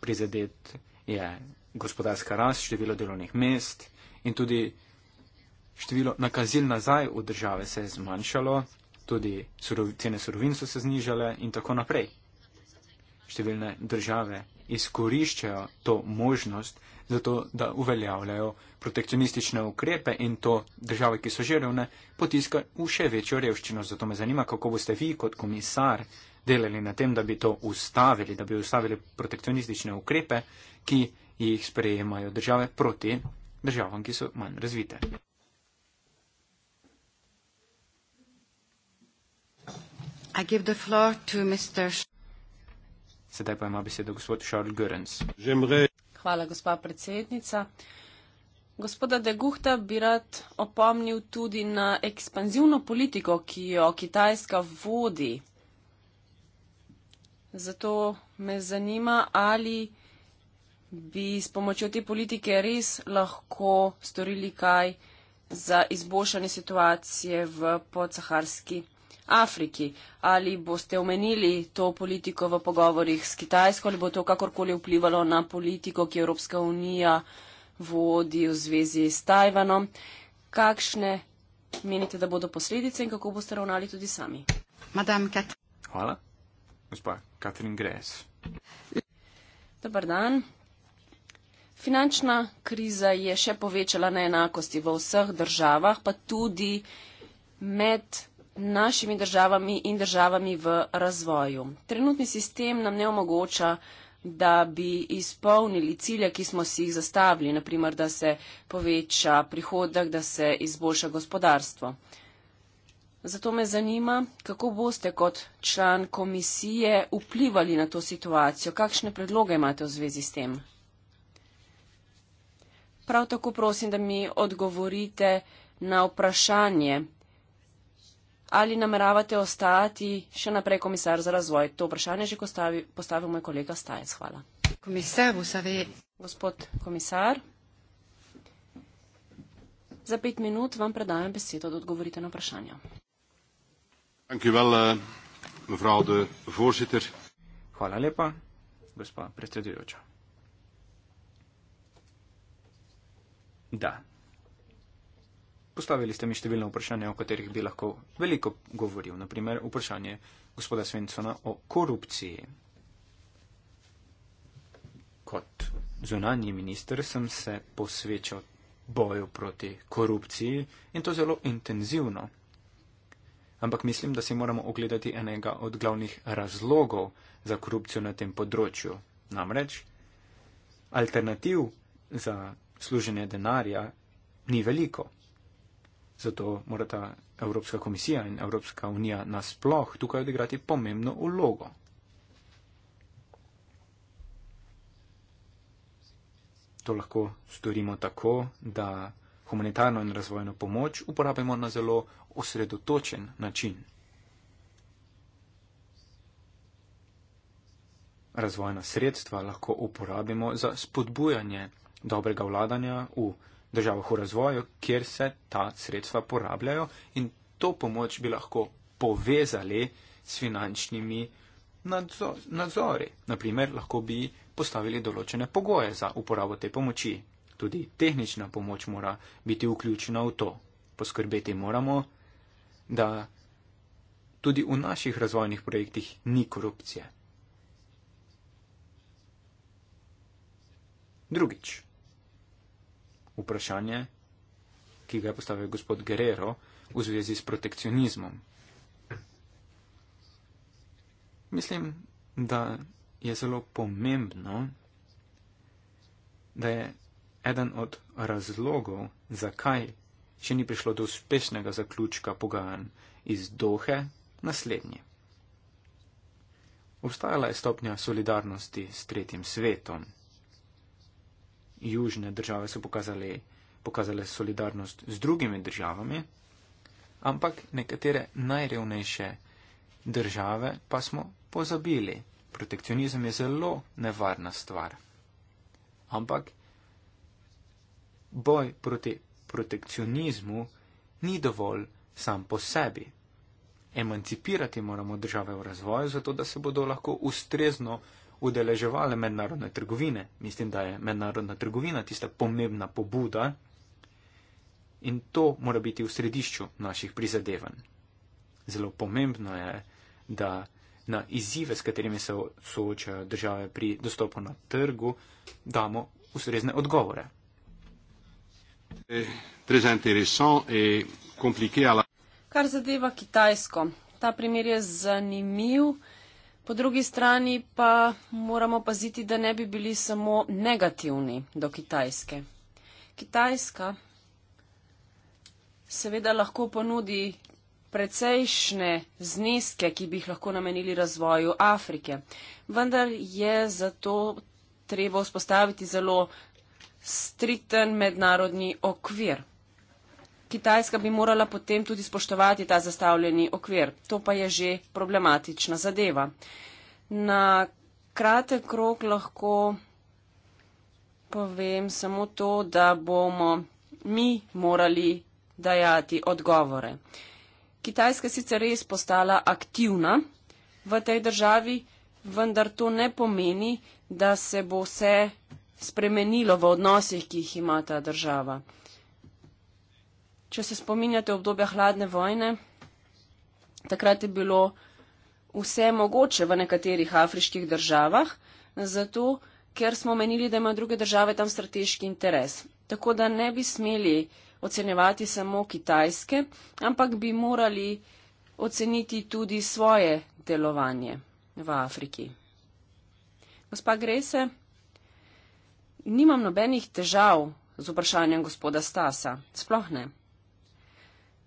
Prizadet je gospodarska rast, število delovnih mest in tudi Število nakazil nazaj v države se je zmanjšalo, tudi surov, cene surovin so se znižale in tako naprej. Številne države izkoriščajo to možnost, zato da uveljavljajo protekcionistične ukrepe in to države, ki so že revne, potiska v še večjo revščino. Zato me zanima, kako boste vi kot komisar delali na tem, da bi to ustavili, da bi ustavili protekcionistične ukrepe, ki jih sprejemajo države proti državam, ki so manj razvite. Sedaj pa ima besedo gospod Charles Görens. Hvala, gospa predsednica. Gospoda de Guhta bi rad opomnil tudi na ekspanzivno politiko, ki jo Kitajska vodi. Zato me zanima, ali bi s pomočjo te politike res lahko storili kaj za izboljšanje situacije v podsaharski regiji. Afriki. Ali boste omenili to politiko v pogovorih s Kitajsko ali bo to kakorkoli vplivalo na politiko, ki Evropska unija vodi v zvezi s Tajvanom? Kakšne menite, da bodo posledice in kako boste ravnali tudi sami? Kat Hvala. Gospa Katrin Gres. Dobar dan. Finančna kriza je še povečala neenakosti v vseh državah, pa tudi med našimi državami in državami v razvoju. Trenutni sistem nam ne omogoča, da bi izpolnili cilje, ki smo si jih zastavili, naprimer, da se poveča prihodek, da se izboljša gospodarstvo. Zato me zanima, kako boste kot član komisije vplivali na to situacijo, kakšne predloge imate v zvezi s tem. Prav tako prosim, da mi odgovorite na vprašanje, ali nameravate ostati še naprej komisar za razvoj? To vprašanje že postavi, postavil moj kolega Stajec. Hvala. Komisar, Gospod komisar, za pet minut vam predajam besedo, da odgovorite na vprašanje. Eh, Hvala lepa, gospod predsedujoča. Da, Postavili ste mi številne vprašanja, o katerih bi lahko veliko govoril. Naprimer, vprašanje gospoda Svencona o korupciji. Kot zunanji minister sem se posvečal boju proti korupciji in to zelo intenzivno. Ampak mislim, da si moramo ogledati enega od glavnih razlogov za korupcijo na tem področju. Namreč, alternativ za služenje denarja ni veliko. Zato morata Evropska komisija in Evropska unija nasploh tukaj odigrati pomembno ulogo. To lahko storimo tako, da humanitarno in razvojno pomoč uporabimo na zelo osredotočen način. Razvojna sredstva lahko uporabimo za spodbujanje dobrega vladanja v državah v razvoju, kjer se ta sredstva porabljajo in to pomoč bi lahko povezali s finančnimi nadzor nadzori. Naprimer, lahko bi postavili določene pogoje za uporabo te pomoči. Tudi tehnična pomoč mora biti vključena v to. Poskrbeti moramo, da tudi v naših razvojnih projektih ni korupcije. Drugič vprašanje, ki ga je postavil gospod Guerrero v zvezi s protekcionizmom. Mislim, da je zelo pomembno, da je eden od razlogov, zakaj še ni prišlo do uspešnega zaključka pogajanj iz Dohe, naslednji. Obstajala je stopnja solidarnosti s tretjim svetom južne države so pokazali, pokazali solidarnost z drugimi državami, ampak nekatere najrevnejše države pa smo pozabili. Protekcionizem je zelo nevarna stvar. Ampak boj proti protekcionizmu ni dovolj sam po sebi. Emancipirati moramo države v razvoju, zato da se bodo lahko ustrezno udeleževale mednarodne trgovine. Mislim, da je mednarodna trgovina tista pomembna pobuda in to mora biti v središču naših prizadevanj. Zelo pomembno je, da na izzive, s katerimi se soočajo države pri dostopu na trgu, damo ustrezne odgovore. Kar zadeva Kitajsko. Ta primer je zanimiv. Po drugi strani pa moramo paziti, da ne bi bili samo negativni do Kitajske. Kitajska seveda lahko ponudi precejšnje zneske, ki bi jih lahko namenili razvoju Afrike. Vendar je za to treba vzpostaviti zelo striten mednarodni okvir. Kitajska bi morala potem tudi spoštovati ta zastavljeni okvir. To pa je že problematična zadeva. Na kratek krok lahko povem samo to, da bomo mi morali dajati odgovore. Kitajska sicer res postala aktivna v tej državi, vendar to ne pomeni, da se bo vse spremenilo v odnosih, ki jih ima ta država če se spominjate obdobja hladne vojne, takrat je bilo vse mogoče v nekaterih afriških državah, zato ker smo menili, da imajo druge države tam strateški interes. Tako da ne bi smeli ocenjevati samo kitajske, ampak bi morali oceniti tudi svoje delovanje v Afriki. Gospa Grese, nimam nobenih težav z vprašanjem gospoda Stasa, sploh ne.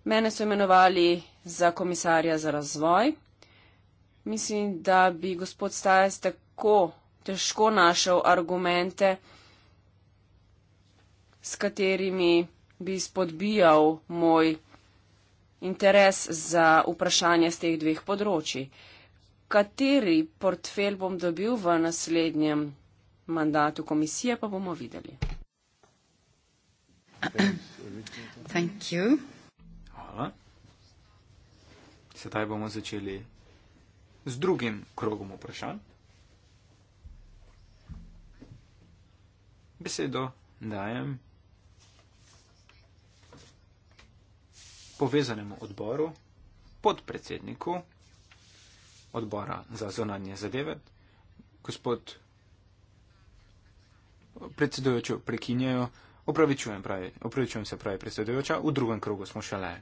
Mene so imenovali za komisarja za razvoj. Mislim, da bi gospod Stajas tako težko našel argumente, s katerimi bi spodbijal moj interes za vprašanje z teh dveh področji. Kateri portfelj bom dobil v naslednjem mandatu komisije, pa bomo videli. Thank you. Sedaj bomo začeli z drugim krogom vprašanj. Besedo dajem povezanemu odboru, podpredsedniku odbora za zonanje zadeve, gospod predsedujočo prekinjajo, opravičujem, pravi, opravičujem se pravi predsedujoča, v drugem krogu smo šele.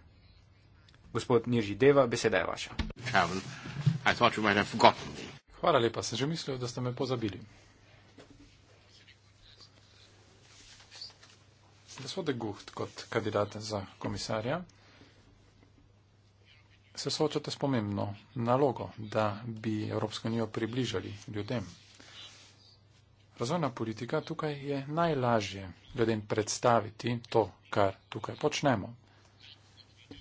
Gospod Nirži Deva, beseda je vaša. Hvala lepa, sem že mislil, da ste me pozabili. Gospod De Gucht, kot kandidat za komisarja, se soočate s pomembno nalogo, da bi Evropsko unijo približali ljudem. Razvojna politika tukaj je najlažje ljudem predstaviti to, kar tukaj počnemo.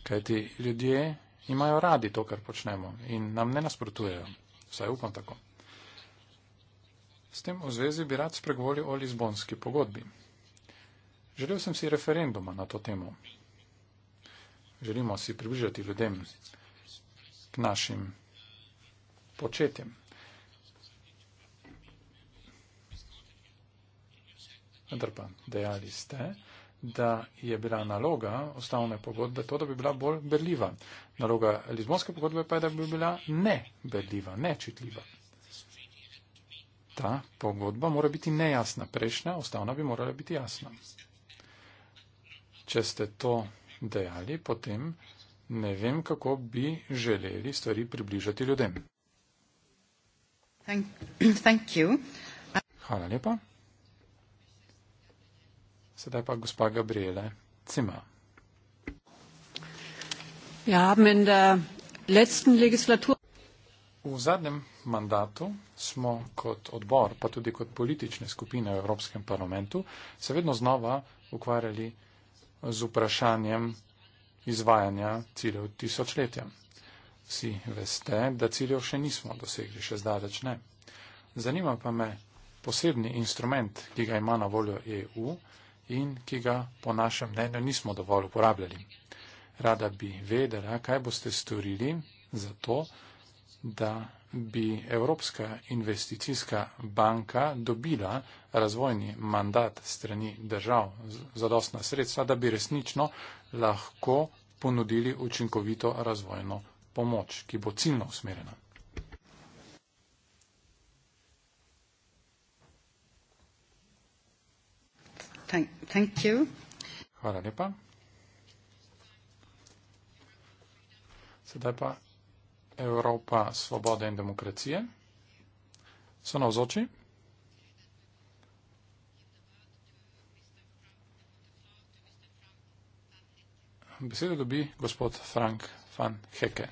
Kajti ljudje imajo radi to, kar počnemo in nam ne nasprotujejo. Vsaj upam tako. S tem v zvezi bi rad spregovoril o Lizbonski pogodbi. Želel sem si referenduma na to temo. Želimo si približati ljudem k našim početjem. Vendar pa dejali ste, da je bila naloga ustavne pogodbe to, da bi bila bolj berljiva. Naloga Lizbonske pogodbe pa je, da bi bila neberljiva, nečitljiva. Ta pogodba mora biti nejasna. Prejšnja ustavna bi morala biti jasna. Če ste to dejali, potem ne vem, kako bi želeli stvari približati ljudem. Thank, (clears throat) thank Hvala lepa. Sedaj pa gospa Gabriele Cima. Ja, legislatur... V zadnjem mandatu smo kot odbor, pa tudi kot politične skupine v Evropskem parlamentu, se vedno znova ukvarjali z vprašanjem izvajanja ciljev tisočletja. Vsi veste, da ciljev še nismo dosegli, še zdaleč ne. Zanima pa me posebni instrument, ki ga ima na voljo EU, in ki ga po našem mnenju nismo dovolj uporabljali. Rada bi vedela, kaj boste storili za to, da bi Evropska investicijska banka dobila razvojni mandat strani držav za dostna sredstva, da bi resnično lahko ponudili učinkovito razvojno pomoč, ki bo ciljno usmerjena. Thank you. Hvala lepa. Sedaj pa Evropa svobode in demokracije. So navzoči? Besedo dobi gospod Frank van Heke.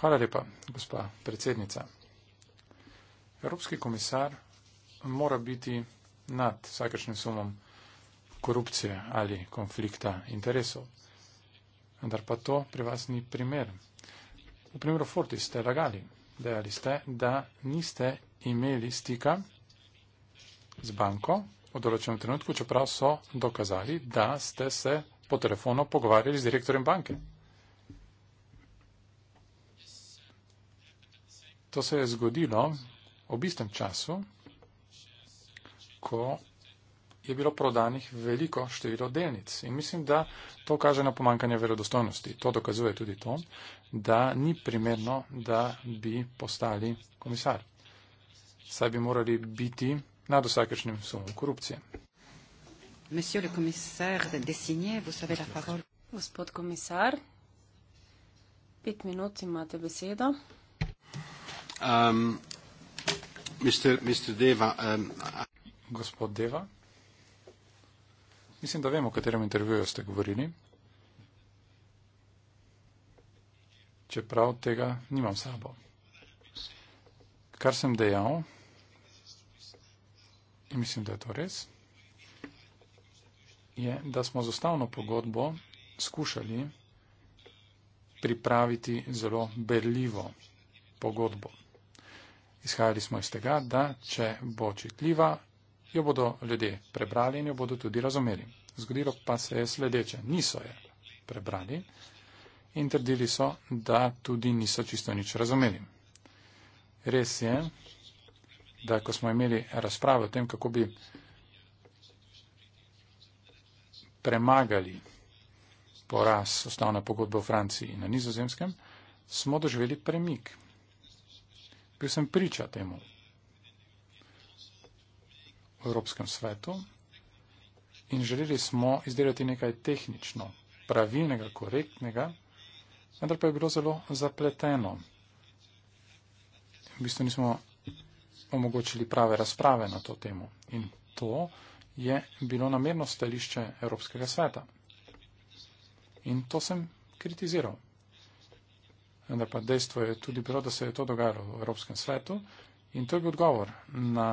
Hvala lepa, gospa predsednica. Evropski komisar mora biti nad vsakršnim sumom korupcije ali konflikta interesov. Vendar pa to pri vas ni primer. V primeru Fortis ste lagali, dejali ste, da niste imeli stika z banko v določenem trenutku, čeprav so dokazali, da ste se po telefonu pogovarjali z direktorjem banke. To se je zgodilo v istem času, ko je bilo prodanih veliko število delnic. In mislim, da to kaže na pomankanje verodostojnosti. To dokazuje tudi to, da ni primerno, da bi postali komisar. Saj bi morali biti nad vsakečnim sumom korupcije. Gospod komisar, pet minut imate besedo. Um, mister, mister Deva, um, gospod Deva. Mislim, da vemo, o katerem intervjuju ste govorili. Čeprav tega nimam sabo. Kar sem dejal, in mislim, da je to res, je, da smo z ustavno pogodbo skušali pripraviti zelo berljivo pogodbo. Izhajali smo iz tega, da če bo čitljiva jo bodo ljudje prebrali in jo bodo tudi razumeli. Zgodilo pa se je sledeče. Niso je prebrali in trdili so, da tudi niso čisto nič razumeli. Res je, da ko smo imeli razpravo o tem, kako bi premagali poraz osnovne pogodbe v Franciji in na nizozemskem, smo doživeli premik. Bil sem priča temu v Evropskem svetu in želeli smo izdelati nekaj tehnično, pravilnega, korektnega, vendar pa je bilo zelo zapleteno. V bistvu nismo omogočili prave razprave na to temo in to je bilo namerno stališče Evropskega sveta. In to sem kritiziral. Vendar pa dejstvo je tudi bilo, da se je to dogajalo v Evropskem svetu in to je bil odgovor na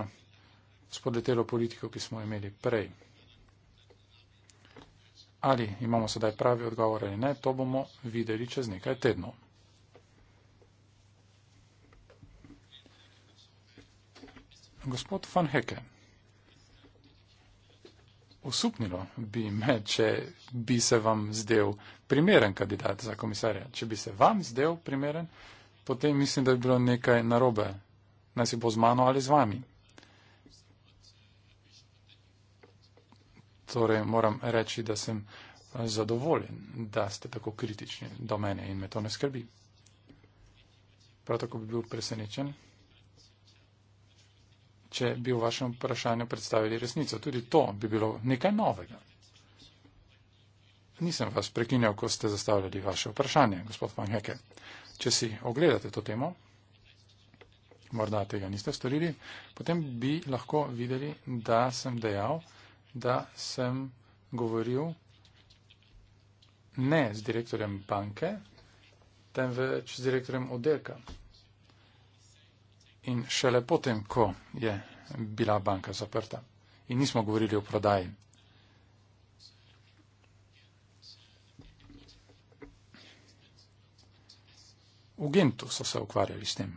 spodletelo politiko, ki smo imeli prej. Ali imamo sedaj pravi odgovor ali ne, to bomo videli čez nekaj tednov. Gospod Van Heke, usupnilo bi me, če bi se vam zdel primeren kandidat za komisarja. Če bi se vam zdel primeren, potem mislim, da bi bilo nekaj narobe. Naj si bo z mano ali z vami. Torej moram reči, da sem eh, zadovoljen, da ste tako kritični do mene in me to ne skrbi. Prav tako bi bil presenečen, če bi v vašem vprašanju predstavili resnico. Tudi to bi bilo nekaj novega. Nisem vas prekinjal, ko ste zastavljali vaše vprašanje, gospod Van Heke. Če si ogledate to temo, morda tega niste storili, potem bi lahko videli, da sem dejal, da sem govoril ne z direktorjem banke, temveč z direktorjem oddelka. In šele potem, ko je bila banka zaprta in nismo govorili o prodaji. V Gentu so se ukvarjali s tem.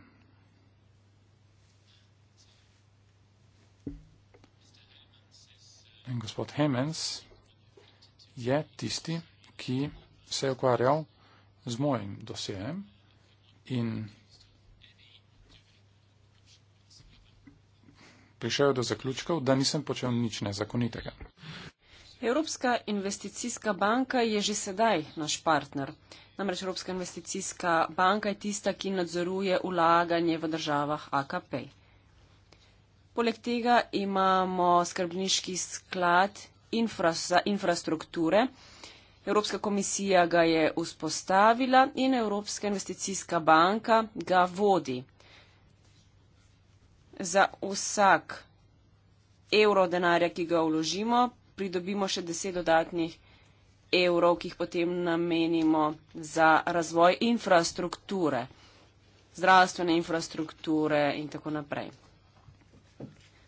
In gospod Hemens je tisti, ki se je ukvarjal z mojim dosjejem in prišel do zaključkov, da nisem počel nič nezakonitega. Evropska investicijska banka je že sedaj naš partner. Namreč Evropska investicijska banka je tista, ki nadzoruje ulaganje v državah AKP. -je. Poleg tega imamo skrbniški sklad infra, za infrastrukture. Evropska komisija ga je vzpostavila in Evropska investicijska banka ga vodi. Za vsak evro denarja, ki ga vložimo, pridobimo še deset dodatnih evrov, ki jih potem namenimo za razvoj infrastrukture, zdravstvene infrastrukture in tako naprej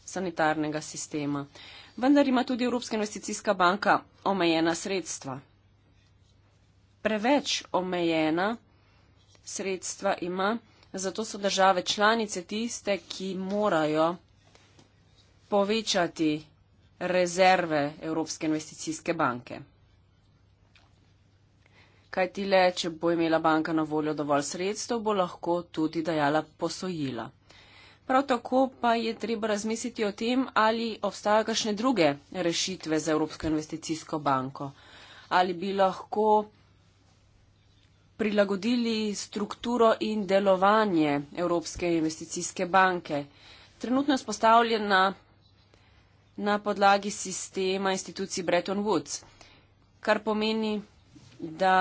sanitarnega sistema. Vendar ima tudi Evropska investicijska banka omejena sredstva. Preveč omejena sredstva ima, zato so države članice tiste, ki morajo povečati rezerve Evropske investicijske banke. Kaj ti le, če bo imela banka na voljo dovolj sredstev, bo lahko tudi dajala posojila. Prav tako pa je treba razmisliti o tem, ali obstajajo kakšne druge rešitve za Evropsko investicijsko banko. Ali bi lahko prilagodili strukturo in delovanje Evropske investicijske banke. Trenutno je spostavljena na podlagi sistema institucij Bretton Woods, kar pomeni, da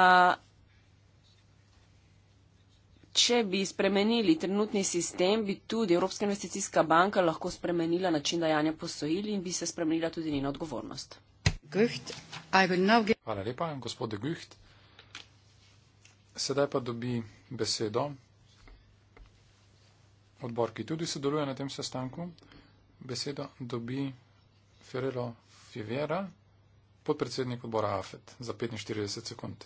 če bi spremenili trenutni sistem, bi tudi Evropska investicijska banka lahko spremenila način dajanja posojil in bi se spremenila tudi njena odgovornost. Hvala lepa, gospod Gücht. Sedaj pa dobi besedo odbor, ki tudi sodeluje na tem sestanku. Besedo dobi Ferrero Fivera, podpredsednik odbora AFED za 45 sekund.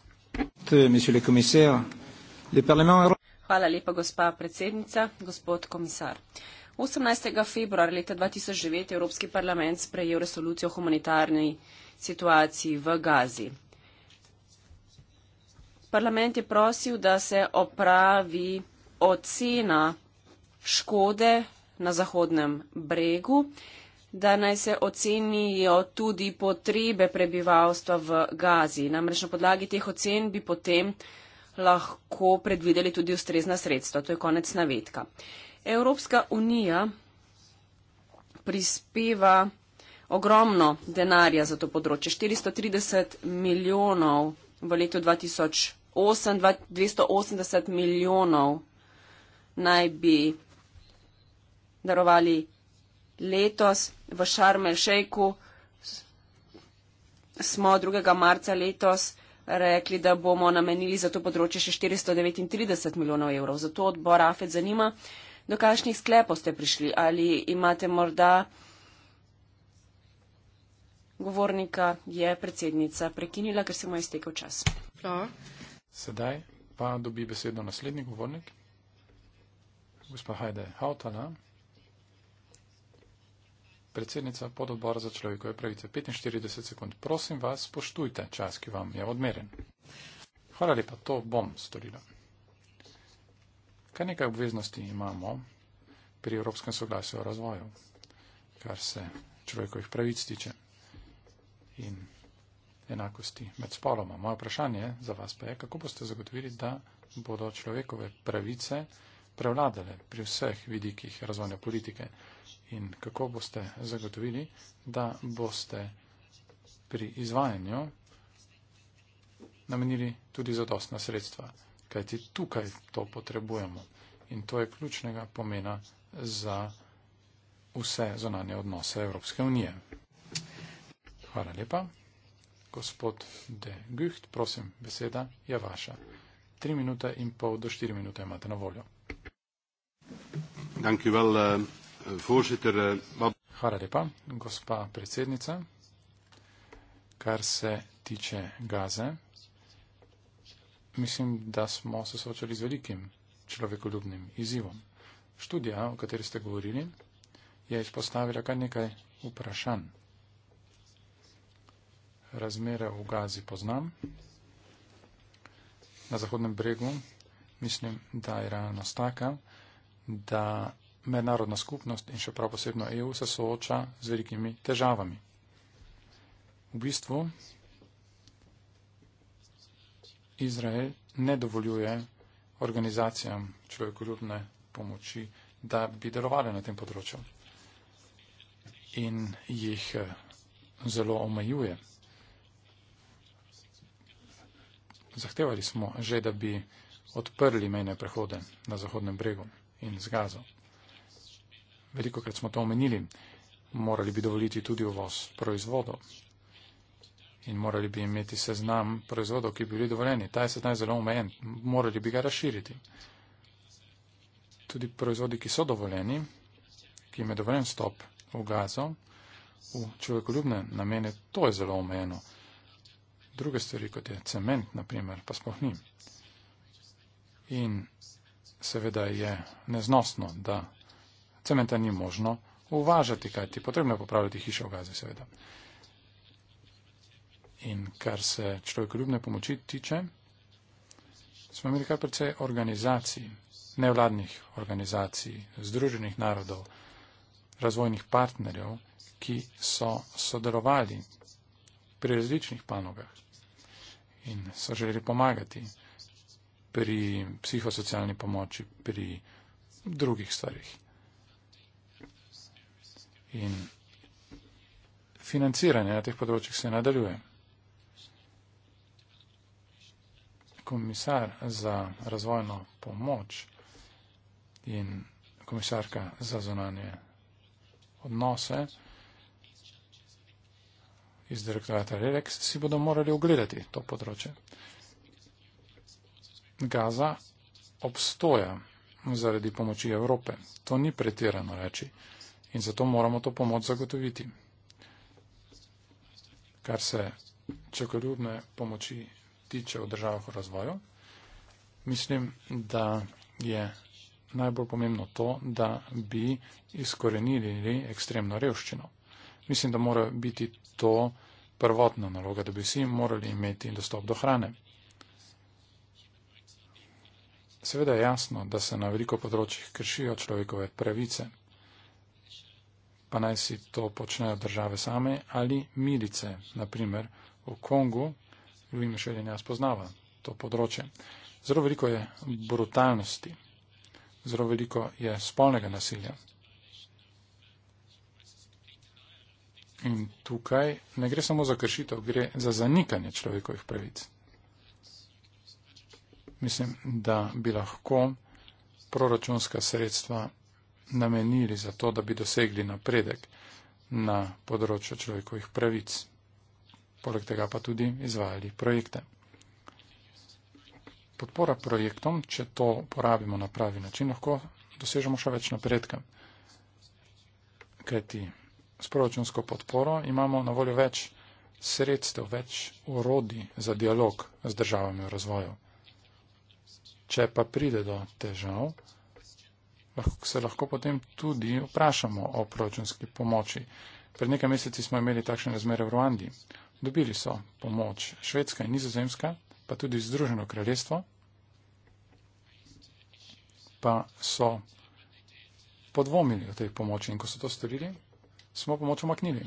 Monsieur le commissaire, le Parlement européen. Hvala lepa, gospa predsednica, gospod komisar. 18. februar leta 2009 je Evropski parlament sprejel resolucijo o humanitarni situaciji v Gazi. Parlament je prosil, da se opravi ocena škode na Zahodnem bregu, da naj se ocenijo tudi potrebe prebivalstva v Gazi. Namreč na podlagi teh ocen bi potem lahko predvideli tudi ustrezna sredstva. To je konec navedka. Evropska unija prispeva ogromno denarja za to področje. 430 milijonov v letu 2008, 280 milijonov naj bi darovali letos v Šarmel Šejku. Smo 2. marca letos rekli, da bomo namenili za to področje še 439 milijonov evrov. Zato odbor AFED zanima, do kakšnih sklepov ste prišli. Ali imate morda govornika, je predsednica prekinila, ker se mu je stekel čas. Ja. Sedaj pa dobi besedo naslednji govornik. Gospa Hajde Hautala. Predsednica pododbora za človekove pravice. 45 sekund. Prosim vas, spoštujte čas, ki vam je odmeren. Hvala lepa, to bom storila. Kaj nekaj obveznosti imamo pri Evropskem soglasju o razvoju, kar se človekovih pravic tiče in enakosti med spoloma. Moje vprašanje za vas pa je, kako boste zagotovili, da bodo človekove pravice prevladale pri vseh vidikih razvojne politike in kako boste zagotovili, da boste pri izvajanju namenili tudi zadostna sredstva, kajti tukaj to potrebujemo in to je ključnega pomena za vse zonanje odnose Evropske unije. Hvala lepa. Gospod De Gucht, prosim, beseda je vaša. Tri minute in pol do štiri minute imate na voljo. Thank you well, uh... Eh, voorzitter. Eh, Hvala lepa, gospa predsednica. Kar se tiče gaze, mislim, da smo se soočali z velikim človekoljubnim izzivom. Študija, o kateri ste govorili, je izpostavila kar nekaj vprašanj. Razmere v gazi poznam. Na zahodnem bregu mislim, da je realnost taka, da mednarodna skupnost in še prav posebno EU se sooča z velikimi težavami. V bistvu Izrael ne dovoljuje organizacijam človekoljubne pomoči, da bi delovali na tem področju in jih eh, zelo omejuje. Zahtevali smo že, da bi odprli mejne prehode na Zahodnem bregu in z gazo. Veliko krat smo to omenili. Morali bi dovoliti tudi uvoz proizvodov. In morali bi imeti seznam proizvodov, ki bi bili dovoljeni. Ta je seznam zelo omejen. Morali bi ga razširiti. Tudi proizvodi, ki so dovoljeni, ki ima dovoljen stop v gazo, v človekoljubne namene, to je zelo omejeno. Druge stvari, kot je cement, naprimer, pa sploh ni. In seveda je neznosno, da cementa ni možno uvažati, kaj ti potrebno je popravljati hišo v gazi, seveda. In kar se človekoljubne pomoči tiče, smo imeli kar precej organizacij, nevladnih organizacij, združenih narodov, razvojnih partnerjev, ki so sodelovali pri različnih panogah in so želeli pomagati pri psihosocialni pomoči, pri drugih stvarih in financiranje na teh področjih se nadaljuje. Komisar za razvojno pomoč in komisarka za zonanje odnose iz direktorata Rex si bodo morali ogledati to področje. Gaza obstoja zaradi pomoči Evrope. To ni pretirano reči in zato moramo to pomoč zagotoviti. Kar se čokoljubne pomoči tiče v državah v razvoju, mislim, da je najbolj pomembno to, da bi izkorenili ekstremno revščino. Mislim, da mora biti to prvotna naloga, da bi vsi morali imeti dostop do hrane. Seveda je jasno, da se na veliko področjih kršijo človekove pravice pa naj si to počnejo države same ali milice, naprimer v Kongu, Ljubim še en jaz poznava to področje. Zelo veliko je brutalnosti, zelo veliko je spolnega nasilja. In tukaj ne gre samo za kršitev, gre za zanikanje človekovih pravic. Mislim, da bi lahko proračunska sredstva namenili za to, da bi dosegli napredek na področju človekovih pravic. Poleg tega pa tudi izvajali projekte. Podpora projektom, če to porabimo na pravi način, lahko dosežemo še več napredka. Kajti s proračunsko podporo imamo na voljo več sredstev, več orodi za dialog z državami v razvoju. Če pa pride do težav, se lahko potem tudi vprašamo o proračunski pomoči. Pred nekaj meseci smo imeli takšne razmere v Ruandi. Dobili so pomoč Švedska in Nizozemska, pa tudi Združeno kraljestvo, pa so podvomili o tej pomoči in ko so to storili, smo pomoč omaknili.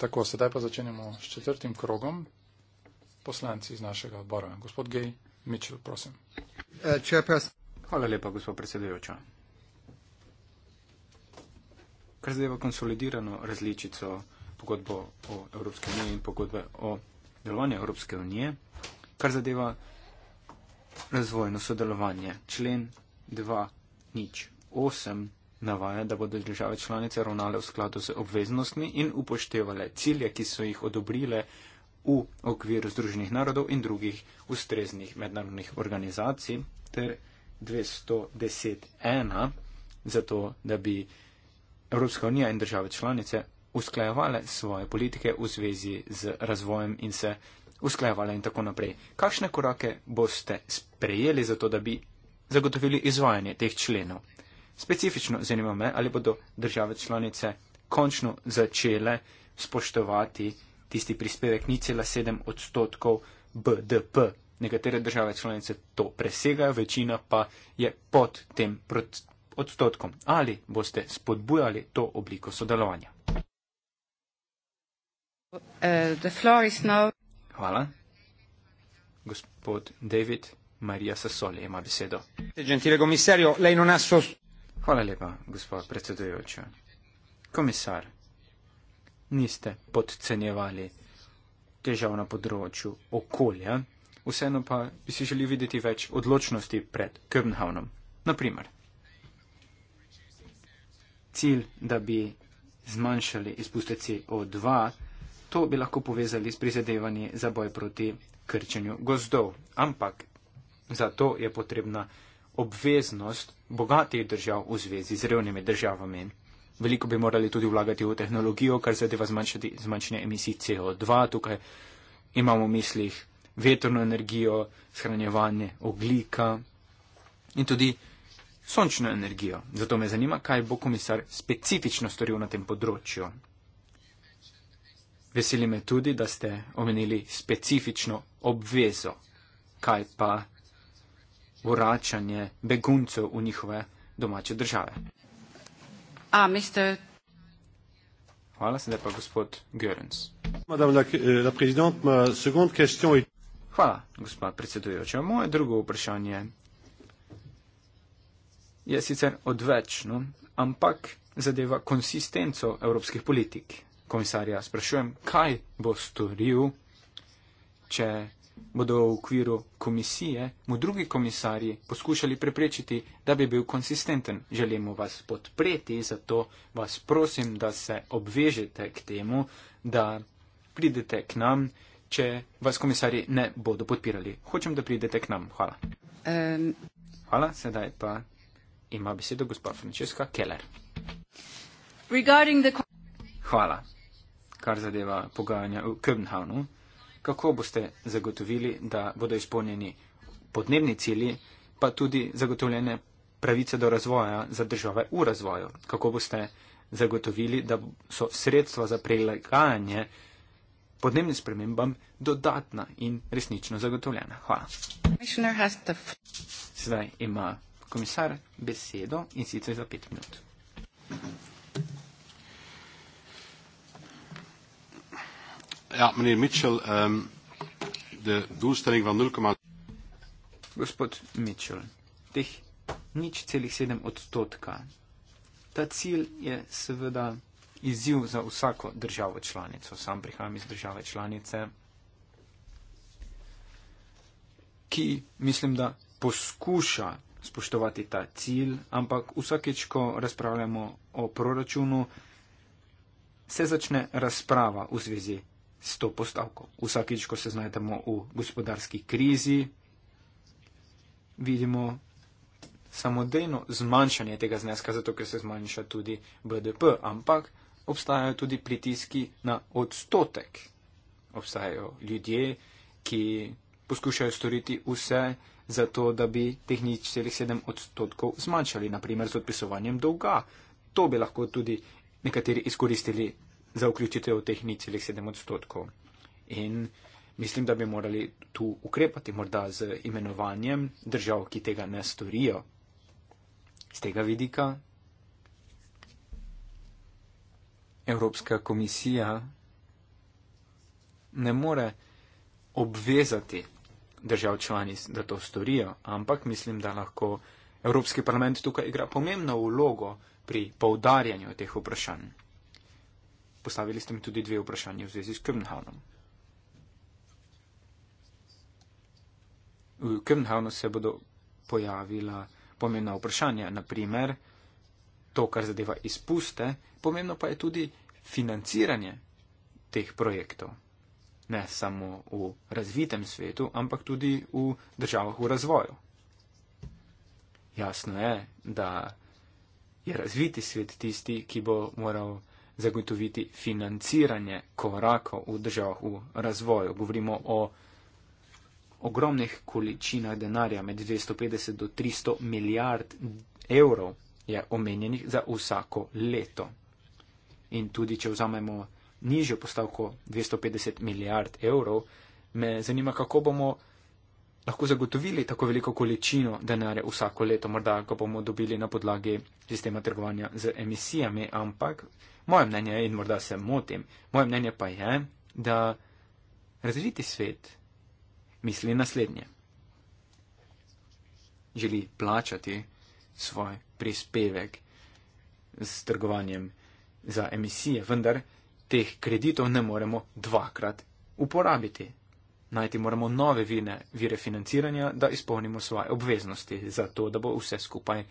Tako, sedaj pa začenjamo s četrtim krogom poslanci iz našega odbora. Gospod Gej, Mitchell, prosim. Uh, Hvala lepa, gospod predsedujoča. Kar zdaj v konsolidirano različico pogodbo o Evropske unije in pogodbe o delovanju Evropske unije, kar zadeva razvojno sodelovanje. Člen 2.0.8 navaja, da bodo države članice ravnale v skladu z obveznostmi in upoštevale cilje, ki so jih odobrile v okviru Združenih narodov in drugih ustreznih mednarodnih organizacij ter organizacij 210.1, zato da bi Evropska unija in države članice usklajevale svoje politike v zvezi z razvojem in se usklajevale in tako naprej. Kakšne korake boste sprejeli za to, da bi zagotovili izvajanje teh členov? Specifično zanima me, ali bodo države članice končno začele spoštovati tisti prispevek 0,7 odstotkov BDP nekatere države članice to presegajo, večina pa je pod tem odstotkom. Ali boste spodbujali to obliko sodelovanja? Uh, Hvala. Gospod David Marija Sasoli ima besedo. Hvala lepa, gospod predsedujoča. Komisar, niste podcenjevali težav na področju okolja, vseeno pa bi si želel videti več odločnosti pred Köbenhavnom. Naprimer, cilj, da bi zmanjšali izpuste CO2, to bi lahko povezali s prizadevanji za boj proti krčenju gozdov. Ampak za to je potrebna obveznost bogatih držav v zvezi z revnimi državami. Veliko bi morali tudi vlagati v tehnologijo, kar zadeva zmanjšanje emisij CO2. Tukaj imamo v mislih vetrno energijo, shranjevanje oglika in tudi sončno energijo. Zato me zanima, kaj bo komisar specifično storil na tem področju. Veseli me tudi, da ste omenili specifično obvezo, kaj pa vračanje beguncev v njihove domače države. A, mister... Hvala, sedaj pa gospod Görens. Madame la, eh, la présidente, ma seconde question est... Hvala, gospa predsedujoča. Moje drugo vprašanje je sicer odvečno, ampak zadeva konsistenco evropskih politik. Komisarja sprašujem, kaj bo storil, če bodo v okviru komisije mu drugi komisarji poskušali preprečiti, da bi bil konsistenten. Želimo vas podpreti, zato vas prosim, da se obvežete k temu, da pridete k nam če vas komisari ne bodo podpirali. Hočem, da pridete k nam. Hvala. Um, Hvala, sedaj pa ima besedo gospod Frančeska Keller. The... Hvala, kar zadeva pogajanja v Köbenhavnu. Kako boste zagotovili, da bodo izpolnjeni podnebni cilji, pa tudi zagotovljene pravice do razvoja za države v razvoju? Kako boste zagotovili, da so sredstva za prilagajanje podnebnim spremembam dodatna in resnično zagotovljena. Hvala. Zdaj ima komisar besedo in sicer za pet minut. Ja, meneer Mitchell, um, de doelstelling van 0, Gospod Mitchell, teh nič celih sedem odstotka. Ta cilj je seveda izziv za vsako državo članico. Sam prihajam iz države članice, ki mislim, da poskuša spoštovati ta cilj, ampak vsakeč, ko razpravljamo o proračunu, se začne razprava v zvezi s to postavko. Vsakeč, ko se znajdemo v gospodarski krizi, vidimo samodejno zmanjšanje tega zneska, zato ker se zmanjša tudi BDP, ampak obstajajo tudi pritiski na odstotek. Obstajajo ljudje, ki poskušajo storiti vse za to, da bi teh nič celih sedem odstotkov zmanjšali, naprimer z odpisovanjem dolga. To bi lahko tudi nekateri izkoristili za vključitev teh nič celih sedem odstotkov. In mislim, da bi morali tu ukrepati morda z imenovanjem držav, ki tega ne storijo. Z tega vidika Evropska komisija ne more obvezati držav članic, da to storijo, ampak mislim, da lahko Evropski parlament tukaj igra pomembno vlogo pri poudarjanju teh vprašanj. Postavili ste mi tudi dve vprašanje v zvezi s Kemnhavnom. V Kemnhavnu se bodo pojavila pomembna vprašanja, naprimer, to, kar zadeva izpuste, pomembno pa je tudi financiranje teh projektov. Ne samo v razvitem svetu, ampak tudi v državah v razvoju. Jasno je, da je razviti svet tisti, ki bo moral zagotoviti financiranje korakov v državah v razvoju. Govorimo o ogromnih količinah denarja, med 250 do 300 milijard evrov je omenjenih za vsako leto. In tudi, če vzamemo nižjo postavko 250 milijard evrov, me zanima, kako bomo lahko zagotovili tako veliko količino denarja vsako leto. Morda ga bomo dobili na podlagi sistema trgovanja z emisijami, ampak moje mnenje je, in morda se motim, moje mnenje pa je, da razviti svet misli naslednje. Želi plačati svoj prispevek s trgovanjem za emisije, vendar teh kreditov ne moremo dvakrat uporabiti. Najti moramo nove vire, vire financiranja, da izpolnimo svoje obveznosti, zato da bo vse skupaj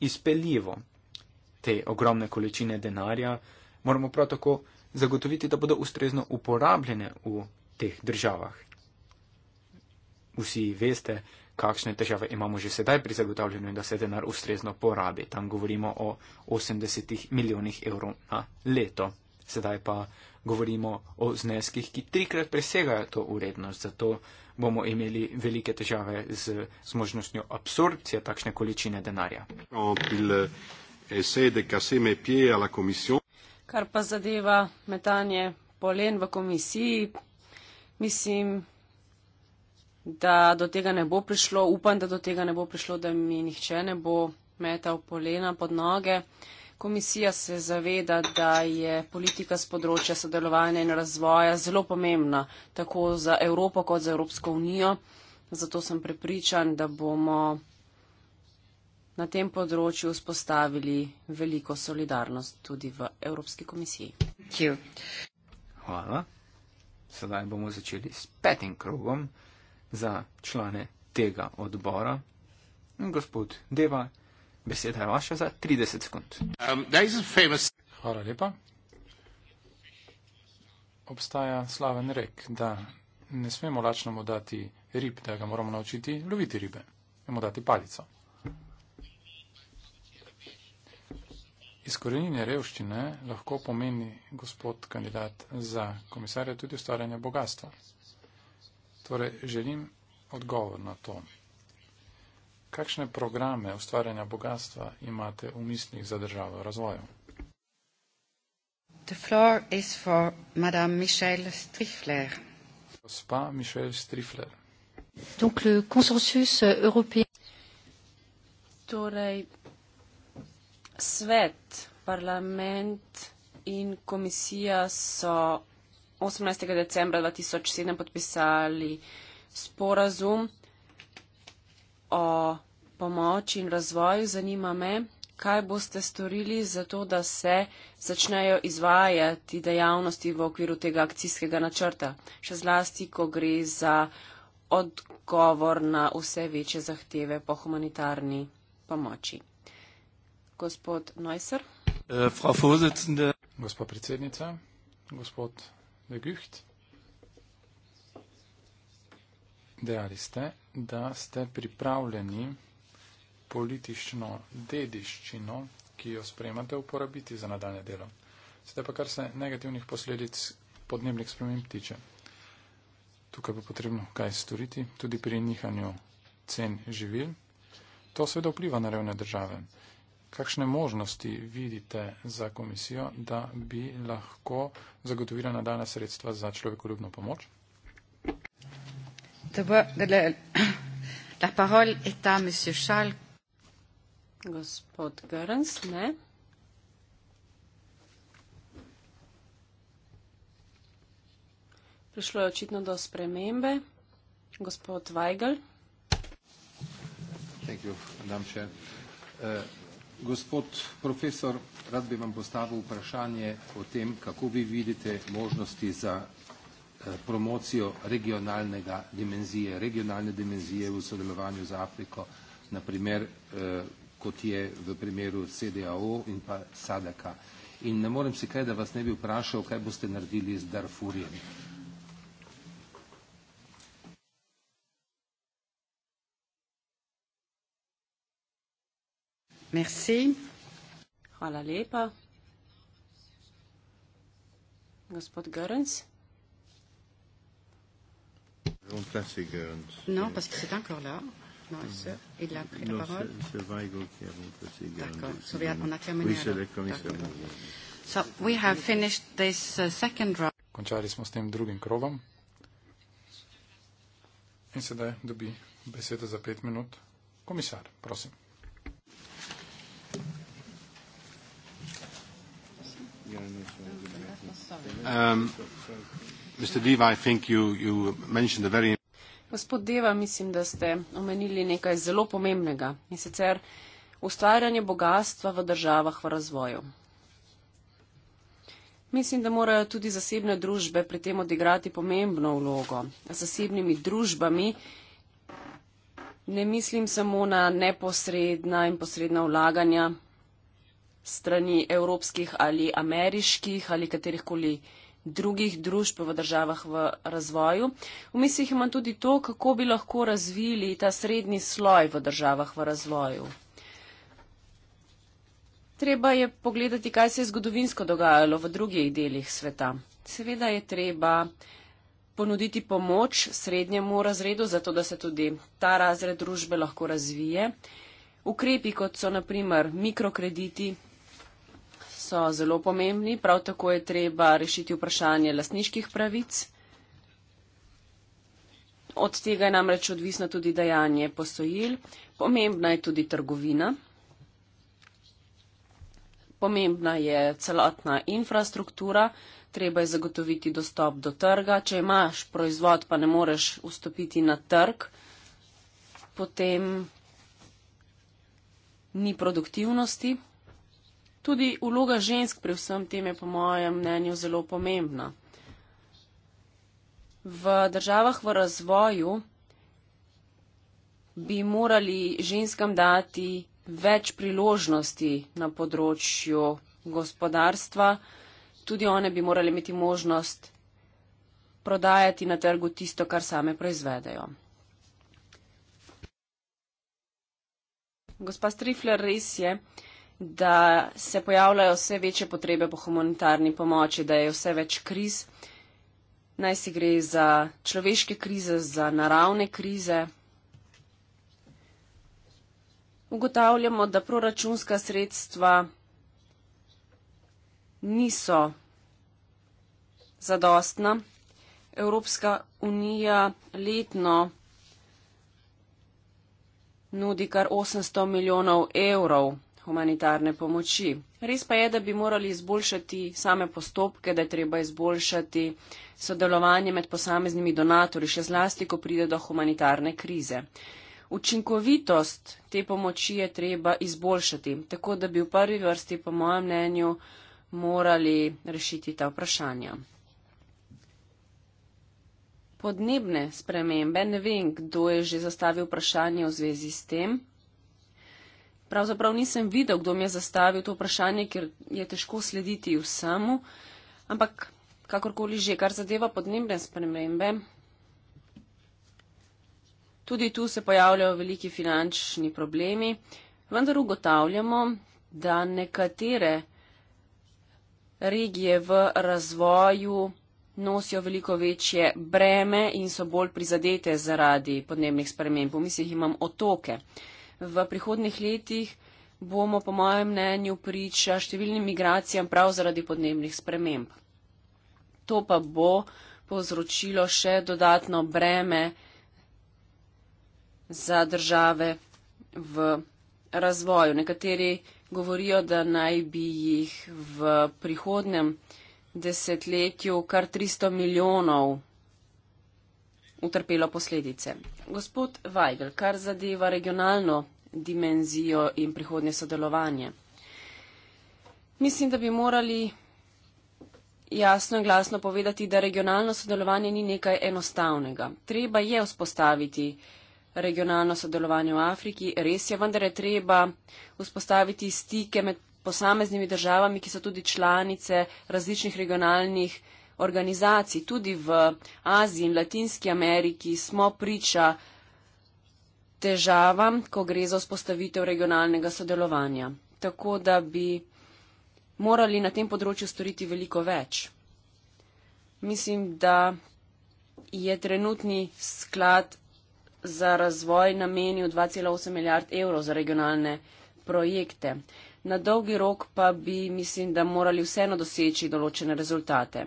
izpeljivo. Te ogromne količine denarja moramo prav tako zagotoviti, da bodo ustrezno uporabljene v teh državah. Vsi veste, kakšne težave imamo že sedaj pri zagotavljanju in da se denar ustrezno porabi. Tam govorimo o 80 milijonih evrov na leto. Sedaj pa govorimo o zneskih, ki trikrat presegajo to urednost, zato bomo imeli velike težave z možnostjo absorpcije takšne količine denarja. Kar pa zadeva metanje polen v komisiji, mislim, da do tega ne bo prišlo. Upam, da do tega ne bo prišlo, da mi nihče ne bo metal polena pod noge. Komisija se zaveda, da je politika z področja sodelovanja in razvoja zelo pomembna, tako za Evropo kot za Evropsko unijo. Zato sem prepričan, da bomo na tem področju vzpostavili veliko solidarnost tudi v Evropski komisiji. Hvala. Sedaj bomo začeli s petim krogom za člane tega odbora. Gospod Deva, beseda je vaša za 30 sekund. Um, Hvala lepa. Obstaja slaven rek, da ne smemo lačnemu dati rib, da ga moramo naučiti loviti ribe. Ne moramo dati palico. Izkoreninje revščine lahko pomeni, gospod kandidat za komisarja, tudi ustvarjanje bogatstva. Torej, želim odgovor na to. Kakšne programe ustvarjanja bogatstva imate v mislih za državo razvoju? The floor is for Madame Michelle Strifler. Gospa Michelle Strifler. Donc le consensus euh, européen. Torej, svet, parlament in komisija so 18. decembra 2007 podpisali sporazum o pomoči in razvoju. Zanima me, kaj boste storili za to, da se začnejo izvajati dejavnosti v okviru tega akcijskega načrta, še zlasti, ko gre za odgovor na vse večje zahteve po humanitarni pomoči. Gospod Neusser. Eh, Gospa predsednica, gospod Der Gücht. Dejali ste, da ste pripravljeni politično dediščino, ki jo sprejemate, uporabiti za nadaljne delo. Sedaj pa kar se negativnih posledic podnebnih sprememb tiče. Tukaj bo potrebno kaj storiti, tudi pri nihanju cen živil. To seveda vpliva na revne države kakšne možnosti vidite za komisijo, da bi lahko zagotovila nadaljna sredstva za človekoljubno pomoč? Gospod Grns, ne. Prišlo je očitno do spremembe. Gospod Weigl. Thank you, Madam Chair. Uh, Gospod profesor, rad bi vam postavil vprašanje o tem, kako vi vidite možnosti za eh, promocijo regionalnega dimenzije, regionalne dimenzije v sodelovanju z Afriko, naprimer, eh, kot je v primeru CDAO in pa SADAKA. In ne morem si kaj, da vas ne bi vprašal, kaj boste naredili z Darfurjem. Merci. Hvala lepa. Gospod Görens. Non, parce que c'est encore là. Non, ah. il a pris non, la parole. C'est Weigel qui a remplacé Görens. D'accord, on a terminé. Oui, c'est le commissaire. So, we have finished this uh, second round. Končali smo s tem drugim krogom. In sedaj dobi besedo za pet minut. Komisar, prosim. Um, Gospod Deva, mislim, da ste omenili nekaj zelo pomembnega in sicer ustvarjanje bogatstva v državah v razvoju. Mislim, da morajo tudi zasebne družbe pri tem odigrati pomembno vlogo. Zasebnimi družbami ne mislim samo na neposredna in posredna vlaganja, strani evropskih ali ameriških ali katerih koli drugih družb v državah v razvoju. V mislih imam tudi to, kako bi lahko razvili ta srednji sloj v državah v razvoju. Treba je pogledati, kaj se je zgodovinsko dogajalo v drugih delih sveta. Seveda je treba ponuditi pomoč srednjemu razredu, zato da se tudi ta razred družbe lahko razvije. Ukrepi, kot so naprimer mikrokrediti, so zelo pomembni. Prav tako je treba rešiti vprašanje lasniških pravic. Od tega je namreč odvisno tudi dajanje posojil. Pomembna je tudi trgovina. Pomembna je celotna infrastruktura, treba je zagotoviti dostop do trga. Če imaš proizvod, pa ne moreš vstopiti na trg, potem ni produktivnosti. Tudi vloga žensk pri vsem tem je po mojem mnenju zelo pomembna. V državah v razvoju bi morali ženskam dati več priložnosti na področju gospodarstva. Tudi one bi morali imeti možnost prodajati na trgu tisto, kar same proizvedejo. Gospa Strifler res je, da se pojavljajo vse večje potrebe po humanitarni pomoči, da je vse več kriz. Naj si gre za človeške krize, za naravne krize. Ugotavljamo, da proračunska sredstva niso zadostna. Evropska unija letno nudi kar 800 milijonov evrov humanitarne pomoči. Res pa je, da bi morali izboljšati same postopke, da je treba izboljšati sodelovanje med posameznimi donatorji, še zlasti, ko pride do humanitarne krize. Učinkovitost te pomoči je treba izboljšati, tako da bi v prvi vrsti, po mojem mnenju, morali rešiti ta vprašanja. Podnebne spremembe, ne vem, kdo je že zastavil vprašanje v zvezi s tem, Pravzaprav nisem videl, kdo mi je zastavil to vprašanje, ker je težko slediti vsemu, ampak kakorkoli že, kar zadeva podnebne spremembe. Tudi tu se pojavljajo veliki finančni problemi, vendar ugotavljamo, da nekatere regije v razvoju nosijo veliko večje breme in so bolj prizadete zaradi podnebnih sprememb. V mislih imam otoke v prihodnih letih bomo, po mojem mnenju, priča številnim migracijam prav zaradi podnebnih sprememb. To pa bo povzročilo še dodatno breme za države v razvoju. Nekateri govorijo, da naj bi jih v prihodnem desetletju kar 300 milijonov utrpelo posledice. Gospod Weigl, kar zadeva regionalno dimenzijo in prihodnje sodelovanje. Mislim, da bi morali jasno in glasno povedati, da regionalno sodelovanje ni nekaj enostavnega. Treba je vzpostaviti regionalno sodelovanje v Afriki, res je, vendar je treba vzpostaviti stike med posameznimi državami, ki so tudi članice različnih regionalnih organizacij, tudi v Aziji in Latinski Ameriki, smo priča težavam, ko gre za vzpostavitev regionalnega sodelovanja. Tako da bi morali na tem področju storiti veliko več. Mislim, da je trenutni sklad za razvoj namenil 2,8 milijard evrov za regionalne projekte. Na dolgi rok pa bi, mislim, da morali vseeno doseči določene rezultate.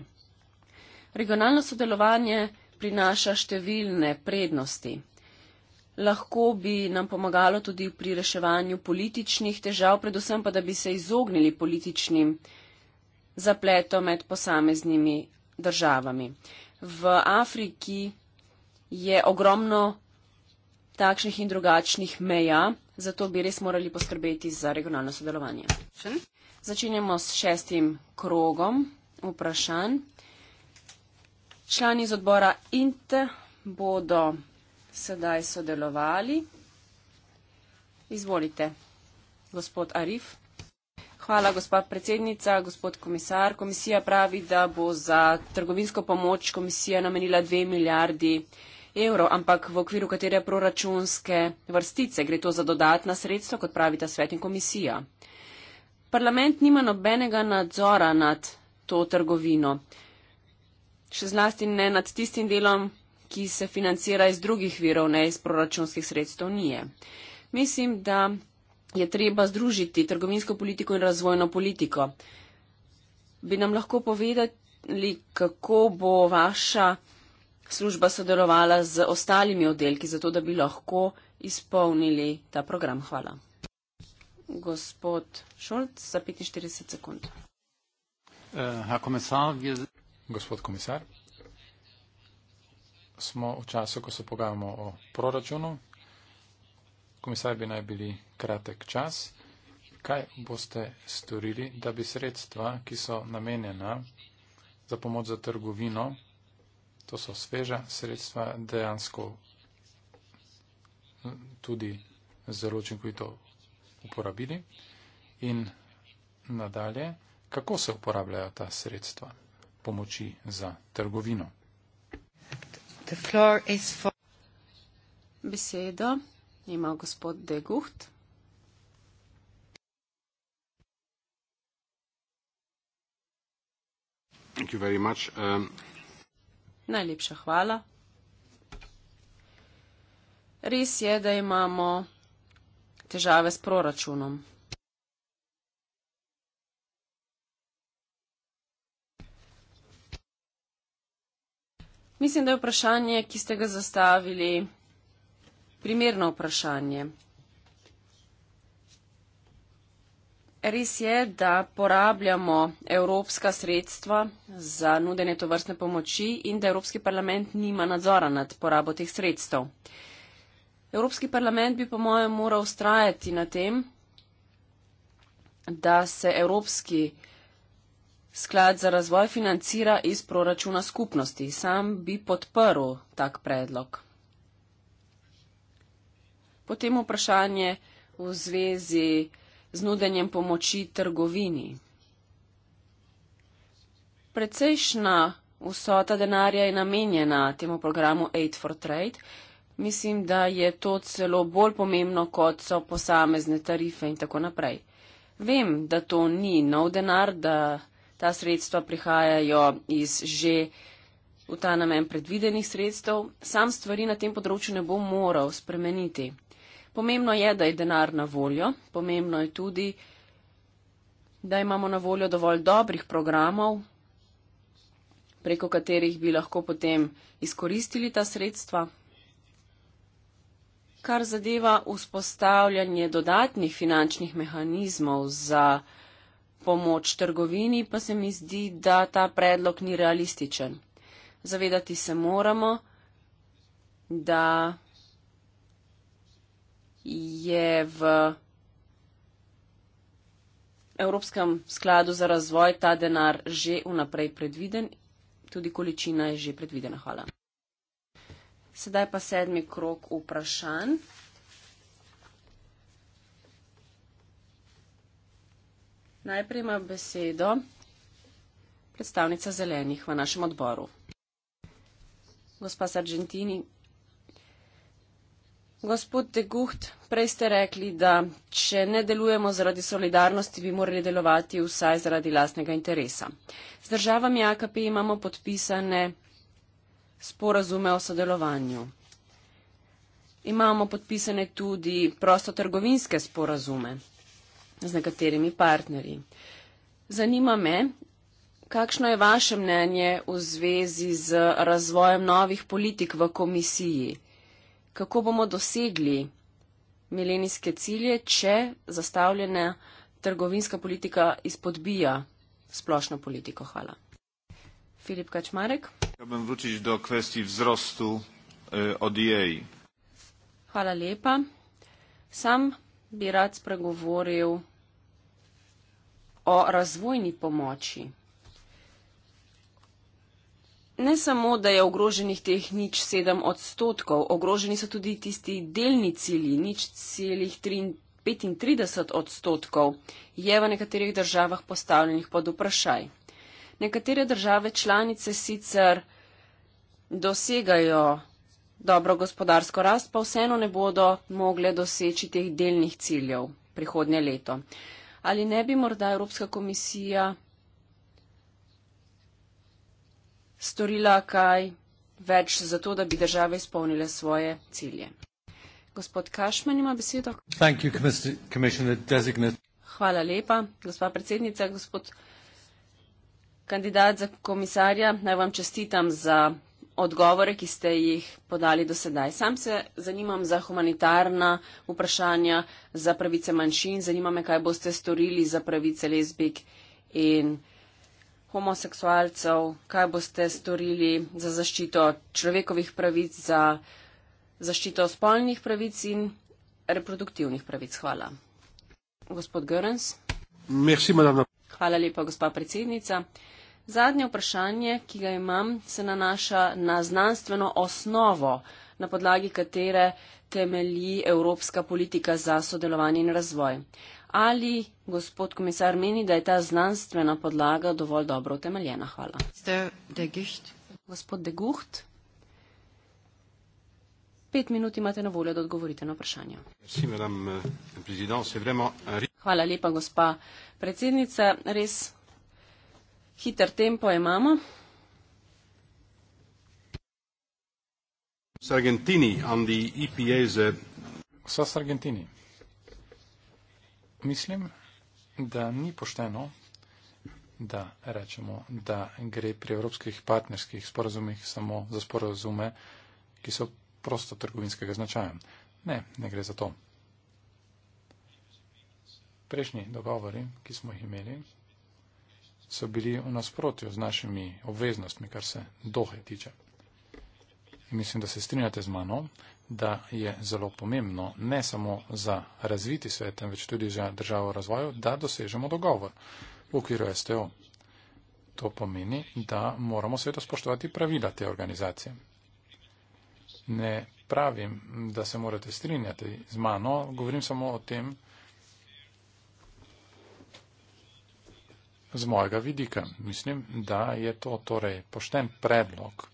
Regionalno sodelovanje prinaša številne prednosti. Lahko bi nam pomagalo tudi pri reševanju političnih težav, predvsem pa, da bi se izognili političnim zapletom med posameznimi državami. V Afriki je ogromno takšnih in drugačnih meja, zato bi res morali poskrbeti za regionalno sodelovanje. Začenjamo s šestim krogom vprašanj. Člani iz odbora INT bodo sedaj sodelovali. Izvolite, gospod Arif. Hvala, gospod predsednica, gospod komisar. Komisija pravi, da bo za trgovinsko pomoč komisija namenila 2 milijardi evrov, ampak v okviru katere proračunske vrstice gre to za dodatna sredstva, kot pravi ta svet in komisija. Parlament nima nobenega nadzora nad to trgovino še zlasti ne nad tistim delom, ki se financira iz drugih virov, ne iz proračunskih sredstev nije. Mislim, da je treba združiti trgovinsko politiko in razvojno politiko. Bi nam lahko povedali, kako bo vaša služba sodelovala z ostalimi oddelki, zato da bi lahko izpolnili ta program. Hvala. Gospod Šolc, za 45 sekund. Uh, gospod komisar. Smo v času, ko se pogajamo o proračunu. Komisar bi naj bili kratek čas. Kaj boste storili, da bi sredstva, ki so namenjena za pomoč za trgovino, to so sveža sredstva, dejansko tudi zelo učinkovito uporabili? In nadalje, kako se uporabljajo ta sredstva? pomoči za trgovino. For... Besedo ima gospod Deguht. Um... Najlepša hvala. Res je, da imamo težave s proračunom. Mislim, da je vprašanje, ki ste ga zastavili, primerno vprašanje. Res je, da porabljamo evropska sredstva za nudene tovrstne pomoči in da Evropski parlament nima nadzora nad porabo teh sredstev. Evropski parlament bi, po mojem, moral ustrajati na tem, da se evropski parlament Sklad za razvoj financira iz proračuna skupnosti. Sam bi podprl tak predlog. Potem vprašanje v zvezi z nudenjem pomoči trgovini. Predsejšna vsota denarja je namenjena temu programu Aid for Trade. Mislim, da je to celo bolj pomembno, kot so posamezne tarife in tako naprej. Vem, da to ni nov denar, da Ta sredstva prihajajo iz že v ta namen predvidenih sredstev. Sam stvari na tem področju ne bom moral spremeniti. Pomembno je, da je denar na voljo, pomembno je tudi, da imamo na voljo dovolj dobrih programov, preko katerih bi lahko potem izkoristili ta sredstva. Kar zadeva vzpostavljanje dodatnih finančnih mehanizmov za pomoč trgovini, pa se mi zdi, da ta predlog ni realističen. Zavedati se moramo, da je v Evropskem skladu za razvoj ta denar že vnaprej predviden, tudi količina je že predvidena. Hvala. Sedaj pa sedmi krok vprašanj. Najprej ima besedo predstavnica zelenih v našem odboru. Gospa Sargentini. Gospod Deguht, prej ste rekli, da če ne delujemo zaradi solidarnosti, bi morali delovati vsaj zaradi lastnega interesa. Z državami AKP imamo podpisane sporazume o sodelovanju. Imamo podpisane tudi prostotrgovinske sporazume z nekaterimi partnerji. Zanima me, kakšno je vaše mnenje v zvezi z razvojem novih politik v komisiji? Kako bomo dosegli milenijske cilje, če zastavljena trgovinska politika izpodbija splošno politiko? Hvala. Filip Kačmarek. Ja, e, e. Hvala lepa. Sam bi rad spregovoril o razvojni pomoči. Ne samo, da je ogroženih teh nič sedem odstotkov, ogroženi so tudi tisti delni cilji, nič celih 35 odstotkov je v nekaterih državah postavljenih pod vprašaj. Nekatere države članice sicer dosegajo dobro gospodarsko rast, pa vseeno ne bodo mogle doseči teh delnih ciljev prihodnje leto ali ne bi morda Evropska komisija storila kaj več za to, da bi države izpolnile svoje cilje. Gospod Kašman ima besedo. You, Hvala lepa, gospa predsednica, gospod kandidat za komisarja. Naj vam čestitam za odgovore, ki ste jih podali do sedaj. Sam se zanimam za humanitarna vprašanja, za pravice manjšin, zanima me, kaj boste storili za pravice lezbik in homoseksualcev, kaj boste storili za zaščito človekovih pravic, za zaščito spolnih pravic in reproduktivnih pravic. Hvala. Gospod Görens. Merci, Hvala lepa, gospa predsednica. Zadnje vprašanje, ki ga imam, se nanaša na znanstveno osnovo, na podlagi katere temelji Evropska politika za sodelovanje in razvoj. Ali gospod komisar meni, da je ta znanstvena podlaga dovolj dobro utemeljena? Hvala. De gospod Degucht, pet minut imate na voljo, da odgovorite na vprašanje. Merci, euh, Hvala lepa, gospa predsednica. Res Hiter tempo imamo. Sargentini on the EPA is a... So Sargentini. Mislim, da ni pošteno, da rečemo, da gre pri evropskih partnerskih sporazumih samo za sporazume, ki so prosto trgovinskega značaja. Ne, ne gre za to. Prejšnji dogovori, ki smo jih imeli, so bili v nasprotju z našimi obveznostmi, kar se dohe tiče. In mislim, da se strinjate z mano, da je zelo pomembno ne samo za razviti svet, temveč tudi za državo razvoju, da dosežemo dogovor v okviru STO. To pomeni, da moramo seveda spoštovati pravila te organizacije. Ne pravim, da se morate strinjati z mano, govorim samo o tem, z mojega vidika. Mislim, da je to torej pošten predlog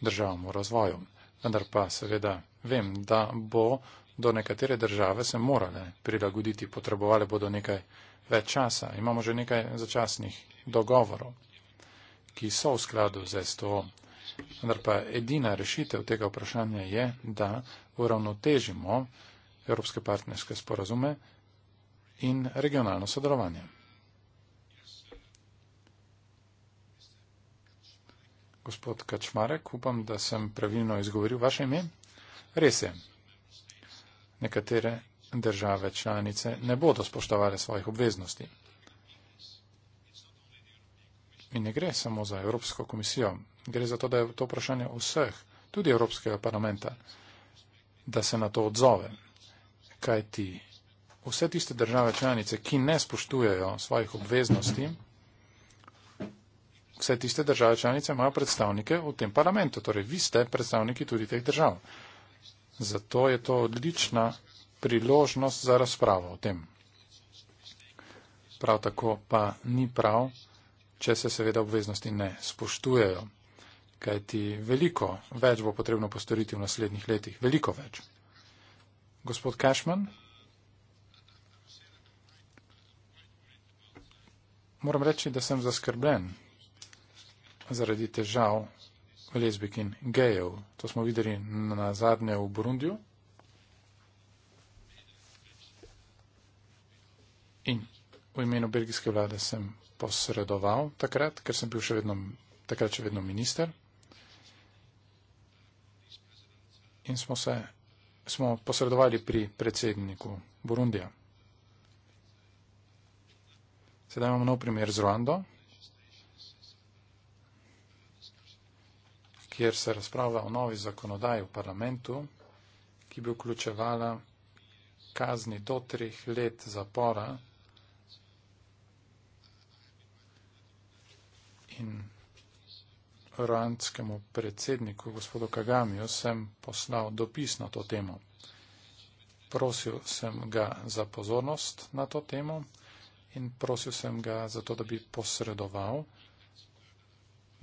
državam v razvoju. Vendar pa seveda vem, da bo do nekatere države se morale prilagoditi, potrebovali bodo nekaj več časa. Imamo že nekaj začasnih dogovorov, ki so v skladu z STO. Vendar pa edina rešitev tega vprašanja je, da uravnotežimo evropske partnerske sporazume in regionalno sodelovanje. gospod Kačmarek, upam, da sem pravilno izgovoril vaše ime. Res je, nekatere države članice ne bodo spoštovale svojih obveznosti. In ne gre samo za Evropsko komisijo, gre za to, da je to vprašanje vseh, tudi Evropskega parlamenta, da se na to odzove. Kaj ti vse tiste države članice, ki ne spoštujejo svojih obveznosti, vse tiste države članice imajo predstavnike v tem parlamentu, torej vi ste predstavniki tudi teh držav. Zato je to odlična priložnost za razpravo o tem. Prav tako pa ni prav, če se seveda obveznosti ne spoštujejo, kajti veliko več bo potrebno postoriti v naslednjih letih, veliko več. Gospod Cashman, moram reči, da sem zaskrbljen zaradi težav lezbik in gejev. To smo videli na zadnje v Burundiju. In v imenu belgijske vlade sem posredoval takrat, ker sem bil še vedno, takrat še vedno minister. In smo se smo posredovali pri predsedniku Burundija. Sedaj imamo nov primer z Ruando. kjer se razpravlja o novi zakonodaji v parlamentu, ki bi vključevala kazni do treh let zapora in ruandskemu predsedniku gospodu Kagamiju sem poslal dopis na to temo. Prosil sem ga za pozornost na to temo in prosil sem ga za to, da bi posredoval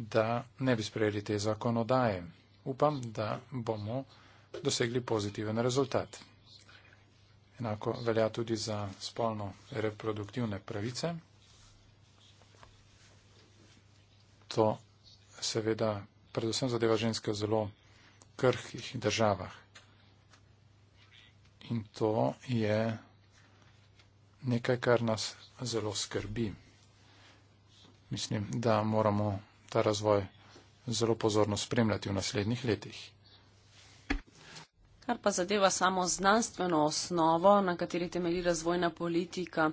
da ne bi sprejeli te zakonodaje. Upam, da bomo dosegli pozitiven rezultat. Enako velja tudi za spolno reproduktivne pravice. To seveda predvsem zadeva ženske v zelo krhkih državah. In to je nekaj, kar nas zelo skrbi. Mislim, da moramo ta razvoj zelo pozorno spremljati v naslednjih letih. Kar pa zadeva samo znanstveno osnovo, na kateri temelji razvojna politika,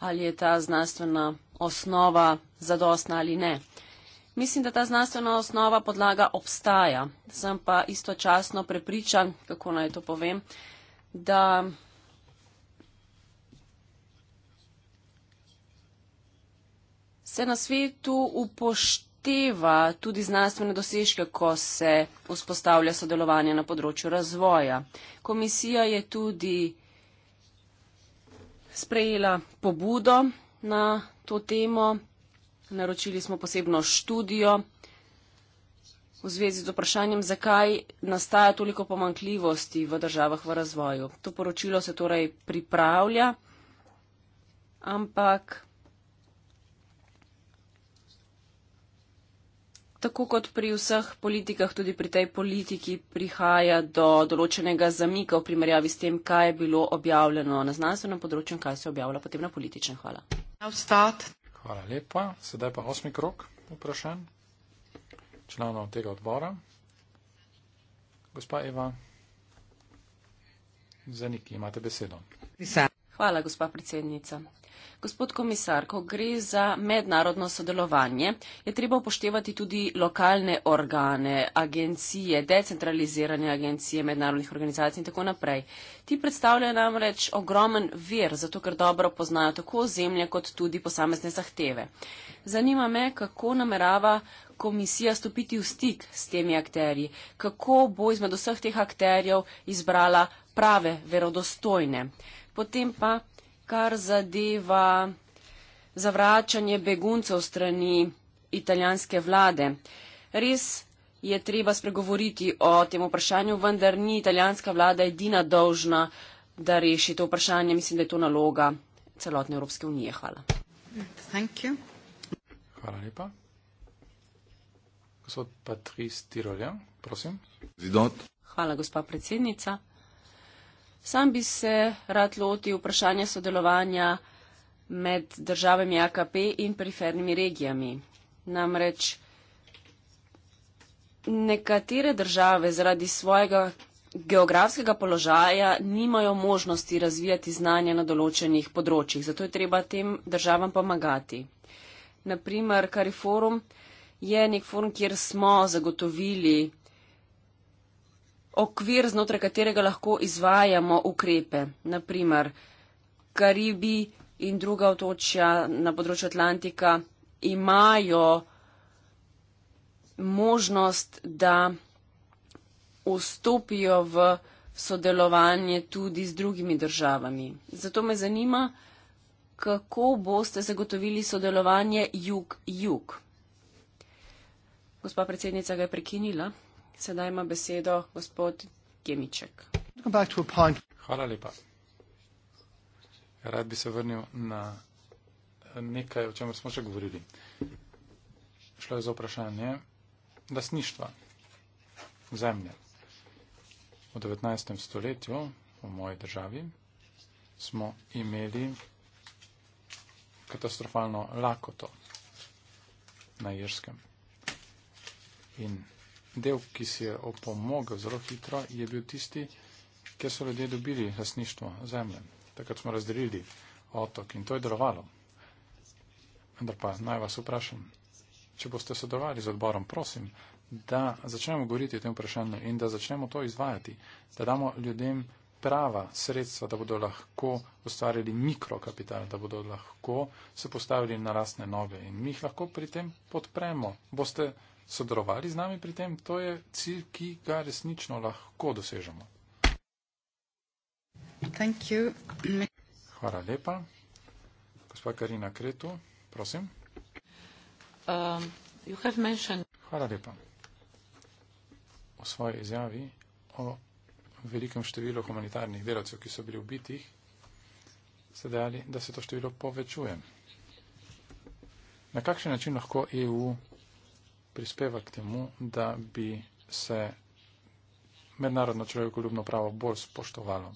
ali je ta znanstvena osnova zadostna ali ne. Mislim, da ta znanstvena osnova podlaga obstaja. Sem pa istočasno prepričan, kako naj to povem, da se na svetu upošteva upošteva tudi znanstvene dosežke, ko se vzpostavlja sodelovanje na področju razvoja. Komisija je tudi sprejela pobudo na to temo. Naročili smo posebno študijo v zvezi z vprašanjem, zakaj nastaja toliko pomankljivosti v državah v razvoju. To poročilo se torej pripravlja, ampak tako kot pri vseh politikah, tudi pri tej politiki prihaja do določenega zamika v primerjavi s tem, kaj je bilo objavljeno na znanstvenem področju in kaj se je objavljalo potem na političnem. Hvala. Hvala lepa. Sedaj pa osmi krok vprašanj članov tega odbora. Gospa Eva, za nikaj imate besedo. Hvala, gospa predsednica. Gospod komisar, ko gre za mednarodno sodelovanje, je treba upoštevati tudi lokalne organe, agencije, decentralizirane agencije, mednarodnih organizacij in tako naprej. Ti predstavljajo namreč ogromen vir, zato ker dobro poznajo tako zemlje kot tudi posamezne zahteve. Zanima me, kako namerava komisija stopiti v stik s temi akterji, kako bo izmed vseh teh akterjev izbrala prave, verodostojne. Potem pa kar zadeva zavračanje beguncev strani italijanske vlade. Res je treba spregovoriti o tem vprašanju, vendar ni italijanska vlada edina dolžna, da reši to vprašanje. Mislim, da je to naloga celotne Evropske unije. Hvala. Hvala lepa. Gospod Patrice Tirolja, prosim. Zidot. Hvala, gospa predsednica. Sam bi se rad loti vprašanja sodelovanja med državami AKP in perifernimi regijami. Namreč nekatere države zaradi svojega geografskega položaja nimajo možnosti razvijati znanja na določenih področjih, zato je treba tem državam pomagati. Naprimer, Kariforum je nek forum, kjer smo zagotovili okvir, znotraj katerega lahko izvajamo ukrepe, naprimer Karibi in druga otočja na področju Atlantika imajo možnost, da vstopijo v sodelovanje tudi z drugimi državami. Zato me zanima, kako boste zagotovili sodelovanje jug-jug. Gospa predsednica ga je prekinila. Sedaj ima besedo gospod Gemiček. Hvala lepa. Rad bi se vrnil na nekaj, o čemer smo še govorili. Šlo je za vprašanje lasništva zemlje. V 19. stoletju v moji državi smo imeli katastrofalno lakoto na Irskem. In del, ki si je opomogel zelo hitro, je bil tisti, kjer so ljudje dobili lasništvo zemlje. Takrat smo razdelili otok in to je delovalo. Vendar pa naj vas vprašam, če boste sodelovali z odborom, prosim, da začnemo govoriti o tem vprašanju in da začnemo to izvajati, da damo ljudem prava sredstva, da bodo lahko ustvarili mikrokapital, da bodo lahko se postavili na rasne noge in mi jih lahko pri tem podpremo. Boste sodelovali z nami pri tem, to je cilj, ki ga resnično lahko dosežemo. Hvala lepa. Gospa Karina Kretu, prosim. Um, Hvala lepa. O svoji izjavi o velikem številu humanitarnih delavcev, ki so bili ubitih, ste dejali, da se to število povečuje. Na kakšen način lahko EU prispeva k temu, da bi se mednarodno človekoljubno pravo bolj spoštovalo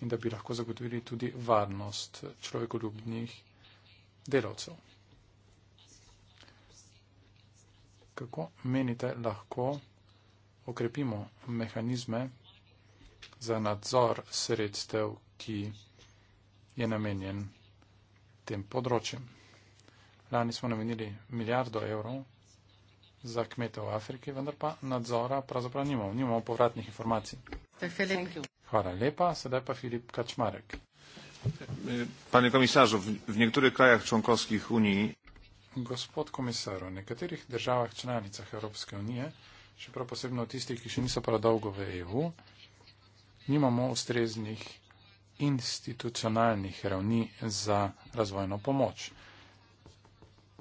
in da bi lahko zagotovili tudi varnost človekoljubnih delavcev. Kako menite, lahko okrepimo mehanizme za nadzor sredstev, ki je namenjen tem področjem? Lani smo namenili milijardo evrov za kmete v Afriki, vendar pa nadzora pravzaprav nimamo, nimamo povratnih informacij. Hvala lepa, sedaj pa Filip Kačmarek. Pane komisarzu, v nekaterih krajah članskih unij. Gospod komisar, v nekaterih državah članicah Evropske unije, še prav posebno v tistih, ki še niso prav dolgo v EU, nimamo ustreznih institucionalnih ravni za razvojno pomoč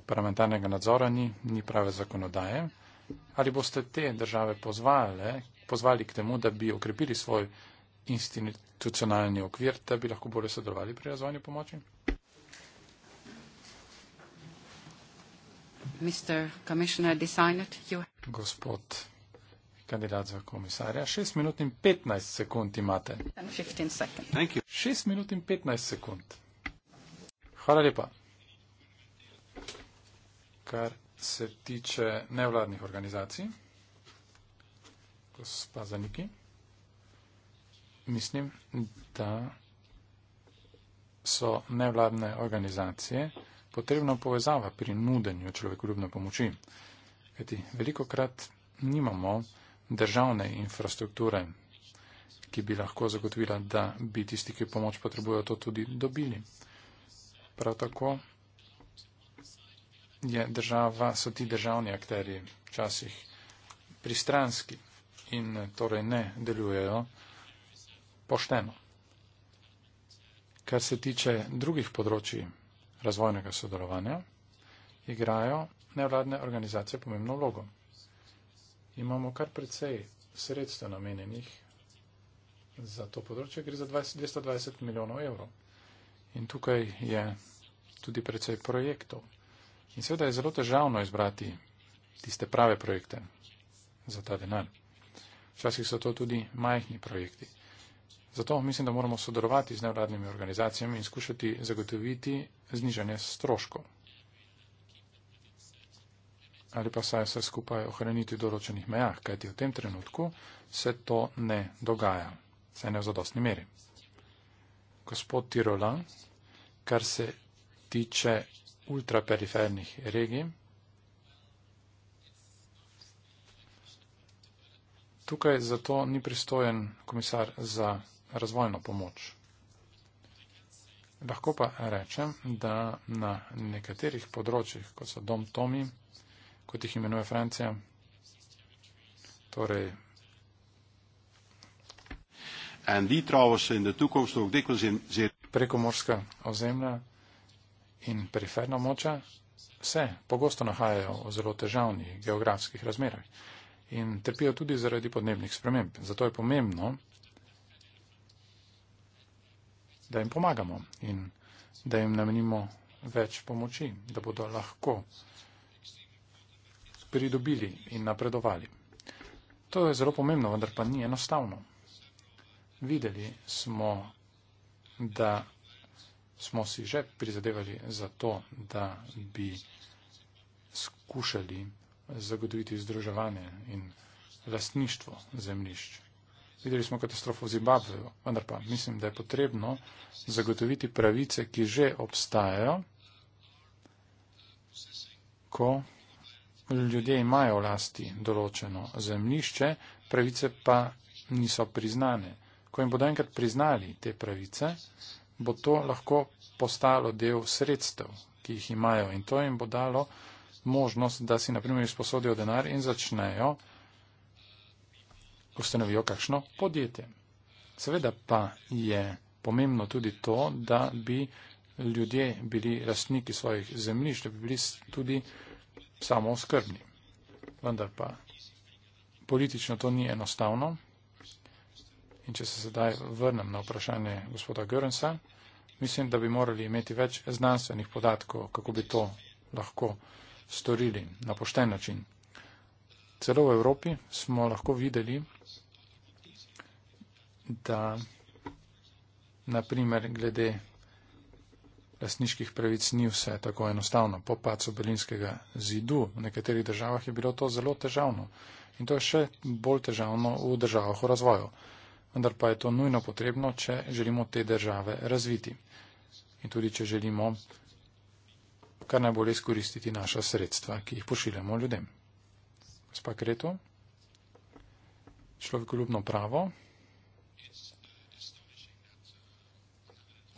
parlamentarnega nadzora ni, ni prave zakonodaje. Ali boste te države pozvali, pozvali k temu, da bi okrepili svoj institucionalni okvir, da bi lahko bolje sodelovali pri razvojni pomoči? Gospod kandidat za komisarja, 6 minut in 15 sekund imate. 6 minut in 15 sekund. Hvala lepa kar se tiče nevladnih organizacij. Gospa Zaniki, mislim, da so nevladne organizacije potrebna povezava pri nudenju človekoljubne pomoči. Kajti veliko krat nimamo državne infrastrukture, ki bi lahko zagotovila, da bi tisti, ki pomoč potrebujejo, to tudi dobili. Prav tako je država, so ti državni akteri včasih pristranski in torej ne delujejo pošteno. Kar se tiče drugih področji razvojnega sodelovanja, igrajo nevladne organizacije pomembno vlogo. Imamo kar precej sredstev namenjenih za to področje, gre za 20, 220 milijonov evrov. In tukaj je tudi precej projektov. In seveda je zelo težavno izbrati tiste prave projekte za ta denar. Včasih so to tudi majhni projekti. Zato mislim, da moramo sodelovati z nevladnimi organizacijami in skušati zagotoviti znižanje stroškov. Ali pa saj vse skupaj ohraniti v določenih mejah, kajti v tem trenutku se to ne dogaja, saj ne v zadostni meri. Gospod Tirola, kar se tiče ultrapernih regij. Tukaj zato ni pristojen komisar za razvojno pomoč. Lahko pa rečem, da na nekaterih področjih, kot so dom Tomi, kot jih imenuje Francija, torej. Preko morska ozemlja in periferna območja se pogosto nahajajo v zelo težavnih geografskih razmerah in trpijo tudi zaradi podnebnih sprememb. Zato je pomembno, da jim pomagamo in da jim namenimo več pomoči, da bodo lahko pridobili in napredovali. To je zelo pomembno, vendar pa ni enostavno. Videli smo, da smo si že prizadevali za to, da bi skušali zagotoviti združevanje in lastništvo zemljišč. Videli smo katastrofo v Zimbabveju, vendar pa mislim, da je potrebno zagotoviti pravice, ki že obstajajo, ko ljudje imajo vlasti določeno zemljišče, pravice pa niso priznane. Ko jim bodo enkrat priznali te pravice, bo to lahko postalo del sredstev, ki jih imajo in to jim bo dalo možnost, da si naprimer izposodijo denar in začnejo, ustanovijo kakšno podjetje. Seveda pa je pomembno tudi to, da bi ljudje bili lastniki svojih zemljišč, da bi bili tudi samooskrbni. Vendar pa politično to ni enostavno. In če se sedaj vrnem na vprašanje gospoda Görensa, Mislim, da bi morali imeti več znanstvenih podatkov, kako bi to lahko storili na pošten način. Celo v Evropi smo lahko videli, da naprimer glede lasniških pravic ni vse tako enostavno. Po pacu Berlinskega zidu v nekaterih državah je bilo to zelo težavno. In to je še bolj težavno v državah v razvoju. Vendar pa je to nujno potrebno, če želimo te države razviti in tudi če želimo kar najbolje izkoristiti naša sredstva, ki jih pošiljamo ljudem. Gospa Kreto, človekoljubno pravo.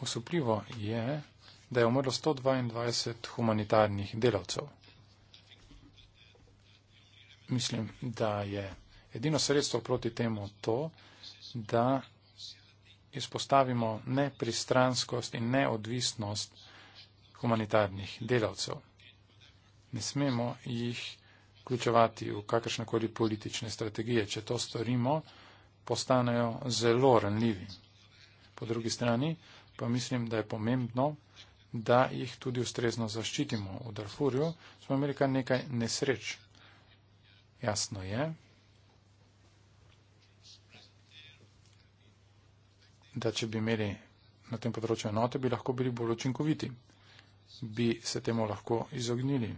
Osupljivo je, da je umrlo 122 humanitarnih delavcev. Mislim, da je edino sredstvo proti temu to, da izpostavimo nepristranskost in neodvisnost humanitarnih delavcev. Ne smemo jih vključevati v kakršnekoli politične strategije. Če to storimo, postanejo zelo ranljivi. Po drugi strani pa mislim, da je pomembno, da jih tudi ustrezno zaščitimo. V Darfurju smo imeli kar nekaj nesreč. Jasno je, da če bi imeli na tem področju enote, bi lahko bili bolj učinkoviti, bi se temu lahko izognili.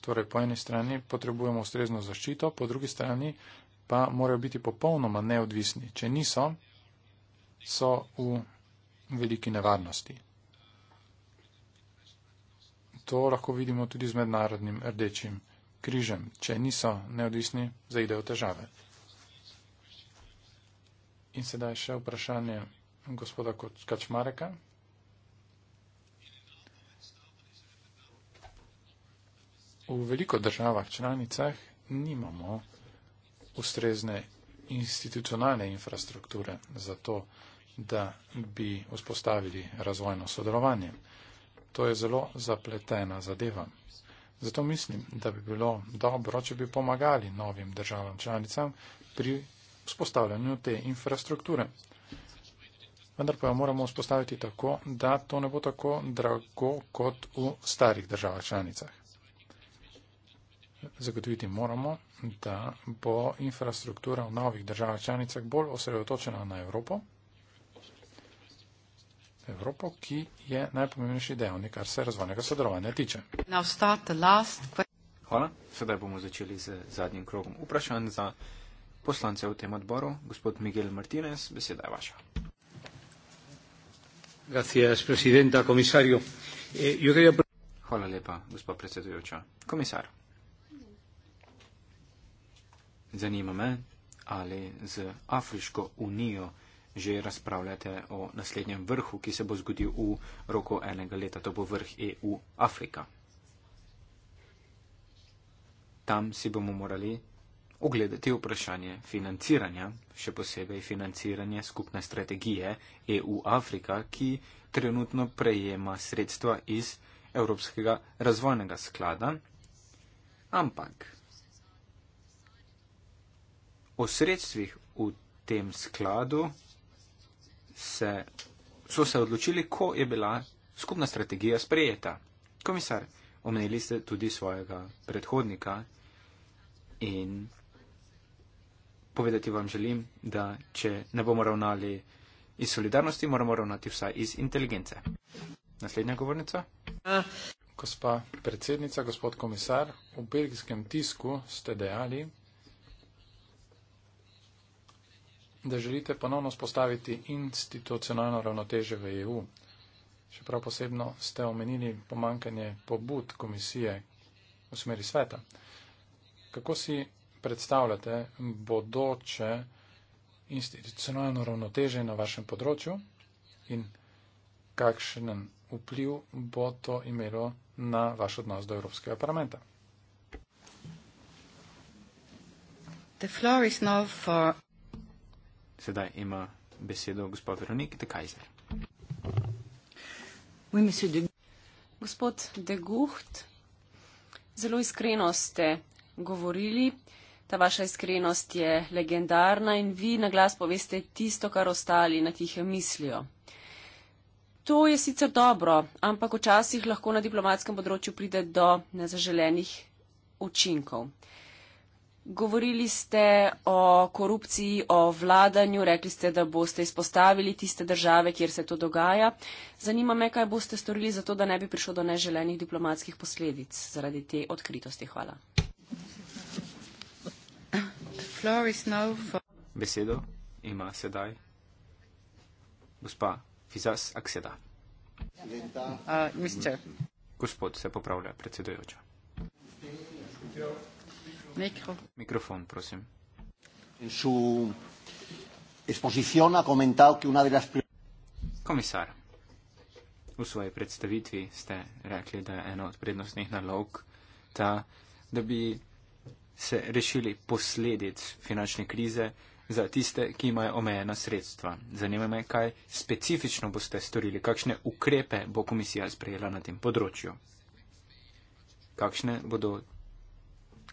Torej, po eni strani potrebujemo ustrezno zaščito, po drugi strani pa morajo biti popolnoma neodvisni. Če niso, so v veliki nevarnosti. To lahko vidimo tudi z mednarodnim rdečim križem. Če niso neodvisni, zaidejo težave. In sedaj še vprašanje gospoda Kačmareka. V veliko državah članicah nimamo ustrezne institucionalne infrastrukture za to, da bi vzpostavili razvojno sodelovanje. To je zelo zapletena zadeva. Zato mislim, da bi bilo dobro, če bi pomagali novim državam članicam pri vzpostavljanju te infrastrukture vendar pa jo moramo vzpostaviti tako, da to ne bo tako drago kot v starih državah članicah. Zagotoviti moramo, da bo infrastruktura v novih državah članicah bolj osredotočena na Evropo, Evropo, ki je najpomembnejši dejavnik, kar se razvojnega sodelovanja tiče. Hvala. Sedaj bomo začeli z zadnjim krogom vprašanj za poslance v tem odboru. Gospod Miguel Martinez, beseda je vaša. Gracias, presidenta, comisario. Eh, yo quería... Hvala lepa, gospod predsedujoča. Komisar. Zanima me, ali z Afriško unijo že razpravljate o naslednjem vrhu, ki se bo zgodil v roku enega leta. To bo vrh EU-Afrika. Tam si bomo morali ogledati vprašanje financiranja, še posebej financiranje skupne strategije EU-Afrika, ki trenutno prejema sredstva iz Evropskega razvojnega sklada. Ampak o sredstvih v tem skladu se, so se odločili, ko je bila skupna strategija sprejeta. Komisar, omenili ste tudi svojega predhodnika in povedati vam želim, da če ne bomo ravnali iz solidarnosti, moramo ravnati vsaj iz inteligence. Naslednja govornica. Gospa predsednica, gospod komisar, v belgijskem tisku ste dejali, da želite ponovno spostaviti institucionalno ravnoteže v EU. Še prav posebno ste omenili pomankanje pobud komisije v smeri sveta. Kako si predstavljate bodoče institucionalno ravnoteže na vašem področju in kakšen vpliv bo to imelo na vaš odnos do Evropskega parlamenta. For... Sedaj ima besedo gospod Veronik de Kajzer. De... Gospod de Gucht, zelo iskreno ste govorili. Ta vaša iskrenost je legendarna in vi na glas poveste tisto, kar ostali na tihe mislijo. To je sicer dobro, ampak včasih lahko na diplomatskem področju pride do nezaželenih učinkov. Govorili ste o korupciji, o vladanju, rekli ste, da boste izpostavili tiste države, kjer se to dogaja. Zanima me, kaj boste storili za to, da ne bi prišlo do neželenih diplomatskih posledic zaradi te odkritosti. Hvala. Besedo ima sedaj gospa Fizas Akseda. Uh, Gospod se popravlja, predsedojoča. Mikro. Mikrofon, prosim. Komisar, v svoji predstavitvi ste rekli, da je ena od prednostnih nalog ta, da bi se rešili posledic finančne krize za tiste, ki imajo omejena sredstva. Zanima me, kaj specifično boste storili, kakšne ukrepe bo komisija sprejela na tem področju. Kakšne bodo,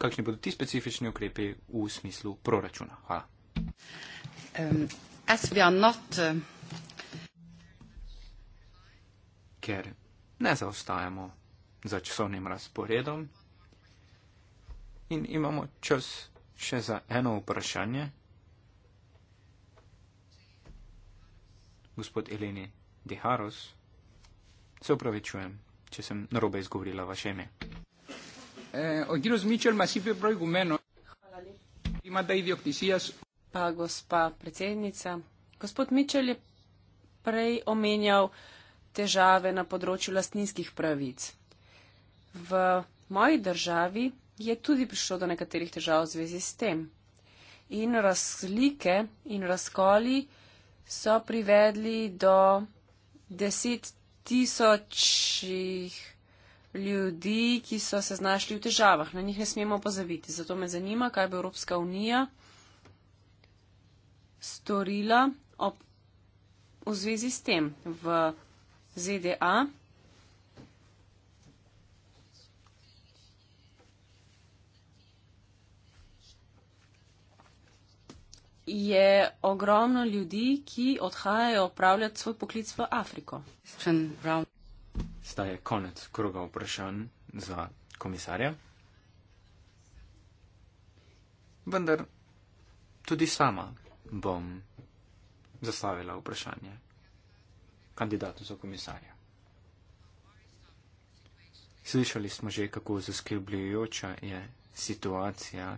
kakšne bodo ti specifični ukrepi v smislu proračuna? Hvala. Um, not, uh... Ker ne zaostajamo za časovnim razporedom. In imamo čas še za eno vprašanje. Gospod Eleni Diharos, se upravičujem, če sem narobe izgovorila vaše ime. Eh, Hvala lepa. Ima da idioktisijas. Pa gospa predsednica, gospod Mičel je prej omenjal težave na področju lastninskih pravic. V moji državi je tudi prišlo do nekaterih težav v zvezi s tem. In razlike in razkoli so privedli do deset tisočih ljudi, ki so se znašli v težavah. Na njih ne smemo pozaviti. Zato me zanima, kaj bi Evropska unija storila ob, v zvezi s tem v ZDA. je ogromno ljudi, ki odhajajo opravljati svoj poklic v Afriko. Zdaj je konec kroga vprašanj za komisarja. Vendar tudi sama bom zastavila vprašanje kandidatu za komisarja. Slišali smo že, kako zaskrbljujoča je situacija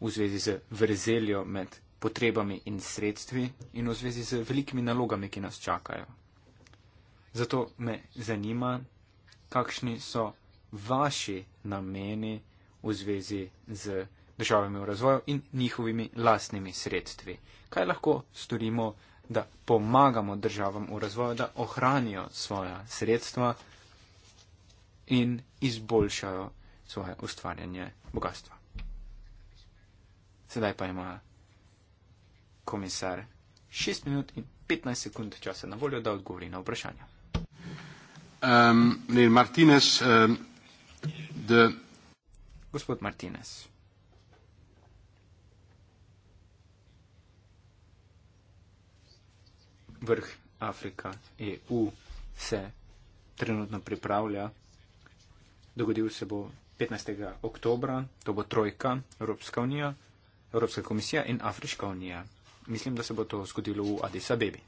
v zvezi z vrzeljo med potrebami in sredstvi in v zvezi z velikimi nalogami, ki nas čakajo. Zato me zanima, kakšni so vaši nameni v zvezi z državami v razvoju in njihovimi lastnimi sredstvi. Kaj lahko storimo, da pomagamo državam v razvoju, da ohranijo svoja sredstva in izboljšajo svoje ustvarjanje bogatstva? Sedaj pa ima komisar 6 minut in 15 sekund časa na voljo, da odgovori na vprašanje. Um, um Gospod Martinez. Vrh Afrika, EU se trenutno pripravlja. Dogodil se bo 15. oktober, to bo trojka, Evropska unija, Evropska komisija in Afriška unija. Mislim, da se bo to zgodilo v Addis Abebi.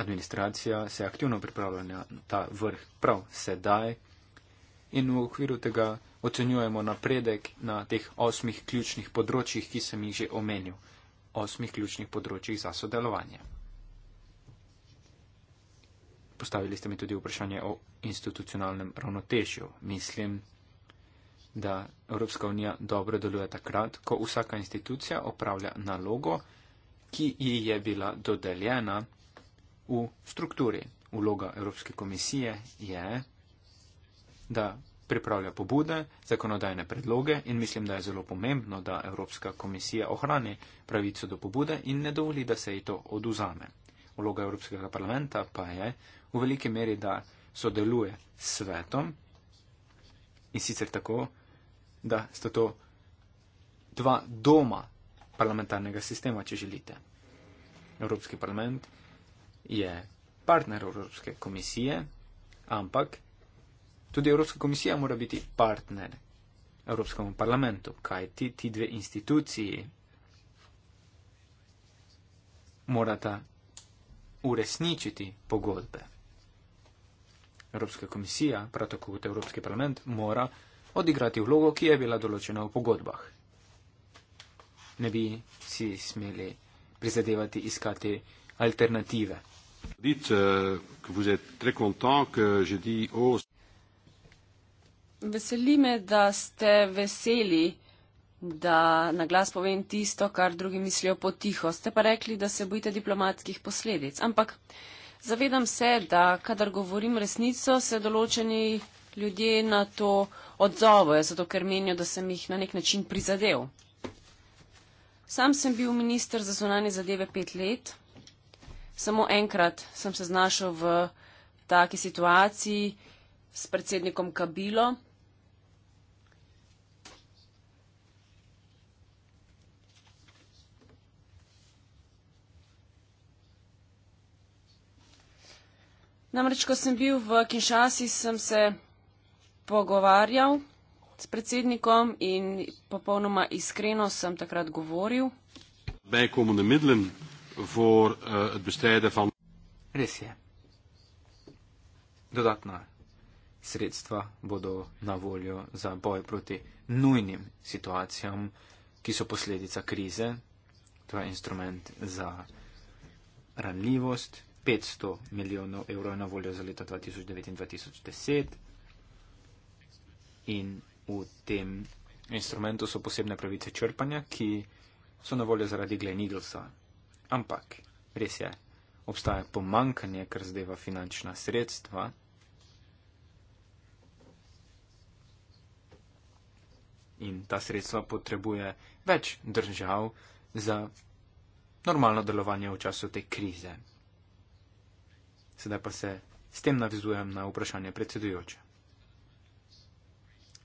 Administracija se aktivno pripravlja na ta vrh prav sedaj in v okviru tega ocenjujemo napredek na teh osmih ključnih področjih, ki sem jih že omenil, osmih ključnih področjih za sodelovanje postavili ste mi tudi vprašanje o institucionalnem ravnotežju. Mislim, da Evropska unija dobro deluje takrat, ko vsaka institucija opravlja nalogo, ki ji je bila dodeljena v strukturi. Uloga Evropske komisije je, da pripravlja pobude, zakonodajne predloge in mislim, da je zelo pomembno, da Evropska komisija ohrani pravico do pobude in ne dovoli, da se ji to oduzame vloga Evropskega parlamenta pa je v veliki meri, da sodeluje s svetom in sicer tako, da sta to dva doma parlamentarnega sistema, če želite. Evropski parlament je partner Evropske komisije, ampak tudi Evropska komisija mora biti partner Evropskemu parlamentu, kaj ti, ti dve instituciji morata uresničiti pogodbe. Evropska komisija, prav tako kot Evropski parlament, mora odigrati vlogo, ki je bila določena v pogodbah. Ne bi si smeli prizadevati iskati alternative. Euh, oh, veseli me, da ste veseli da na glas povem tisto, kar drugi mislijo potiho. Ste pa rekli, da se bojite diplomatskih posledic. Ampak zavedam se, da kadar govorim resnico, se določeni ljudje na to odzovejo, zato ker menijo, da sem jih na nek način prizadel. Sam sem bil minister za zunanje zadeve pet let. Samo enkrat sem se znašel v taki situaciji s predsednikom Kabilo. Namreč, ko sem bil v Kinshasi, sem se pogovarjal s predsednikom in popolnoma iskreno sem takrat govoril. Voor, uh, het van... Res je. Dodatna sredstva bodo na voljo za boj proti nujnim situacijam, ki so posledica krize. To je instrument za ranljivost, 500 milijonov evrov na voljo za leto 2009 in 2010. In v tem instrumentu so posebne pravice črpanja, ki so na voljo zaradi Glen Eaglesa. Ampak, res je, obstaja pomankanje, kar zdeva finančna sredstva. In ta sredstva potrebuje več držav za normalno delovanje v času te krize. Sedaj pa se s tem navizujem na vprašanje predsedujoče.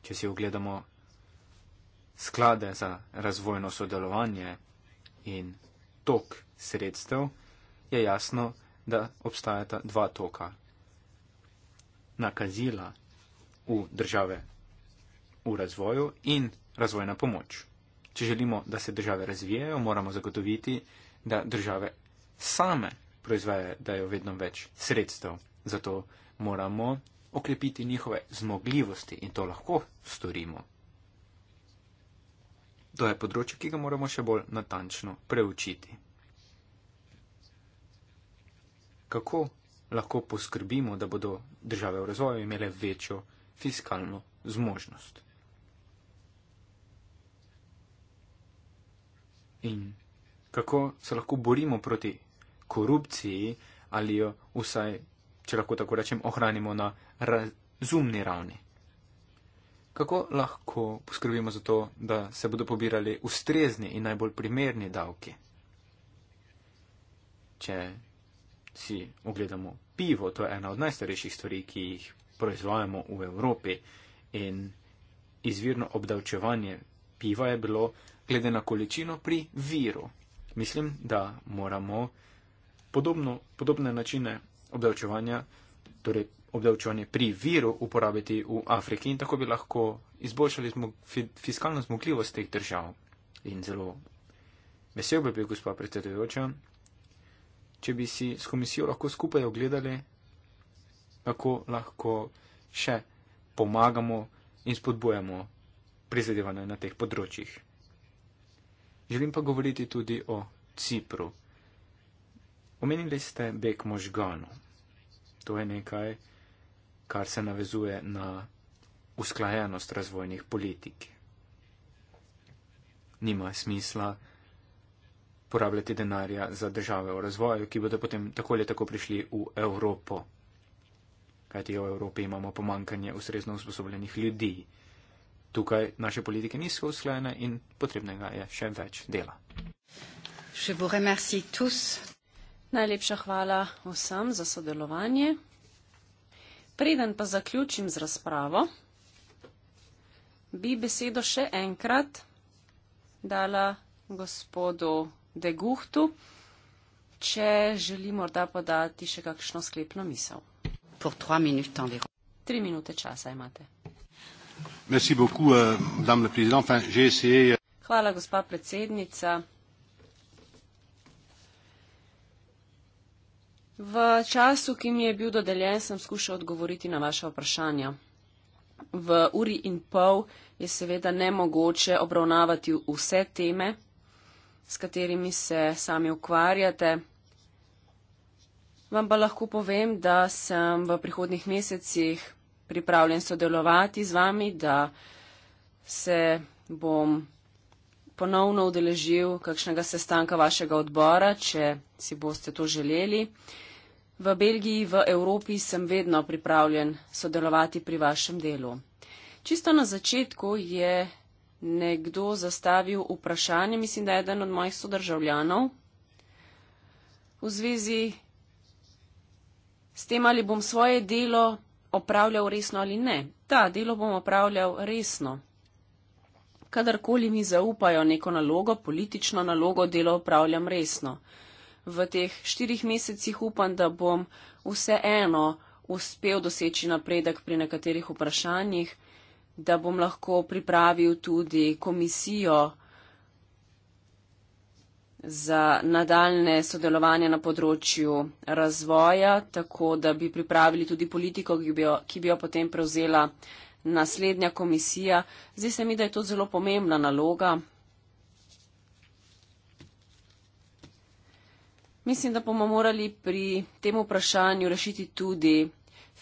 Če si ogledamo sklade za razvojno sodelovanje in tok sredstev, je jasno, da obstajata dva toka. Nakazila v države v razvoju in razvojna pomoč. Če želimo, da se države razvijajo, moramo zagotoviti, da države same proizvajajo vedno več sredstev. Zato moramo okrepiti njihove zmogljivosti in to lahko storimo. To je področje, ki ga moramo še bolj natančno preučiti. Kako lahko poskrbimo, da bodo države v razvoju imele večjo fiskalno zmožnost? In kako se lahko borimo proti korupciji ali jo vsaj, če lahko tako rečem, ohranimo na razumni ravni. Kako lahko poskrbimo za to, da se bodo pobirali ustrezni in najbolj primerni davki? Če si ogledamo pivo, to je ena od najstarejših stvari, ki jih proizvajamo v Evropi in izvirno obdavčevanje piva je bilo glede na količino pri viru. Mislim, da moramo podobno, podobne načine obdavčevanja, torej obdavčevanje pri viru uporabiti v Afriki in tako bi lahko izboljšali zmog, fiskalno zmogljivost teh držav. In zelo vesel bi bil, gospa predsedujoča, če bi si s komisijo lahko skupaj ogledali, kako lahko še pomagamo in spodbujamo prizadevanje na teh področjih. Želim pa govoriti tudi o Cipru. Omenili ste beg možganov. To je nekaj, kar se navezuje na usklajenost razvojnih politik. Nima smisla porabljati denarja za države v razvoju, ki bodo potem tako ali tako prišli v Evropo. Kajti v Evropi imamo pomankanje ustrezno usposobljenih ljudi. Tukaj naše politike niso usklajene in potrebnega je še več dela. Je vous remercie tous. Najlepša hvala vsem za sodelovanje. Preden pa zaključim z razpravo, bi besedo še enkrat dala gospodu Deguhtu, če želi morda podati še kakšno sklepno misel. Tri minute časa imate. Euh, euh, hvala, gospa predsednica. V času, ki mi je bil dodeljen, sem skušal odgovoriti na vaše vprašanja. V uri in pol je seveda nemogoče obravnavati vse teme, s katerimi se sami ukvarjate. Vam pa lahko povem, da sem v prihodnih mesecih pripravljen sodelovati z vami, da se bom ponovno udeležil kakšnega sestanka vašega odbora, če si boste to želeli. V Belgiji, v Evropi sem vedno pripravljen sodelovati pri vašem delu. Čisto na začetku je nekdo zastavil vprašanje, mislim, da je eden od mojih sodržavljanov, v zvezi s tem, ali bom svoje delo opravljal resno ali ne. Da, delo bom opravljal resno. Kadarkoli mi zaupajo neko nalogo, politično nalogo, delo opravljam resno v teh štirih mesecih upam, da bom vseeno uspel doseči napredek pri nekaterih vprašanjih, da bom lahko pripravil tudi komisijo za nadaljne sodelovanje na področju razvoja, tako da bi pripravili tudi politiko, ki bi jo, ki bi jo potem prevzela naslednja komisija. Zdi se mi, da je to zelo pomembna naloga. Mislim, da bomo morali pri tem vprašanju rešiti tudi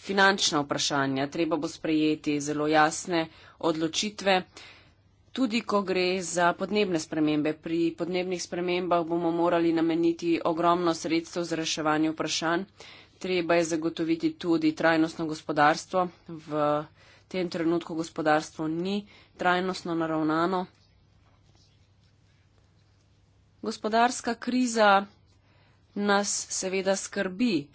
finančna vprašanja. Treba bo sprejeti zelo jasne odločitve. Tudi, ko gre za podnebne spremembe. Pri podnebnih spremembah bomo morali nameniti ogromno sredstev za reševanje vprašanj. Treba je zagotoviti tudi trajnostno gospodarstvo. V tem trenutku gospodarstvo ni trajnostno naravnano. Gospodarska kriza nas seveda skrbi.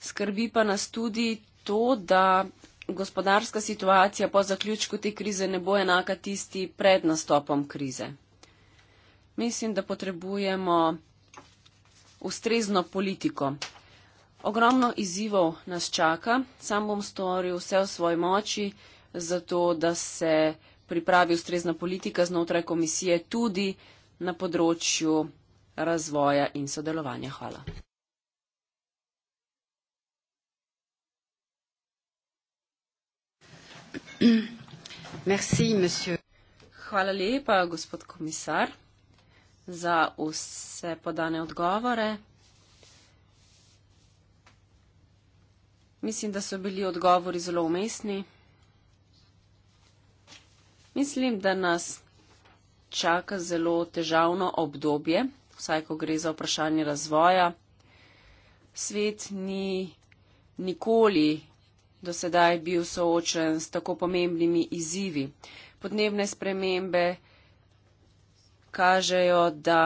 Skrbi pa nas tudi to, da gospodarska situacija po zaključku te krize ne bo enaka tisti pred nastopom krize. Mislim, da potrebujemo ustrezno politiko. Ogromno izzivov nas čaka, sam bom storil vse v svoji moči, zato da se pripravi ustrezna politika znotraj komisije tudi na področju razvoja in sodelovanja. Hvala. (clears throat) Merci, Hvala lepa, gospod komisar, za vse podane odgovore. Mislim, da so bili odgovori zelo umestni. Mislim, da nas čaka zelo težavno obdobje vsaj ko gre za vprašanje razvoja. Svet ni nikoli dosedaj bil soočen s tako pomembnimi izzivi. Podnebne spremembe kažejo, da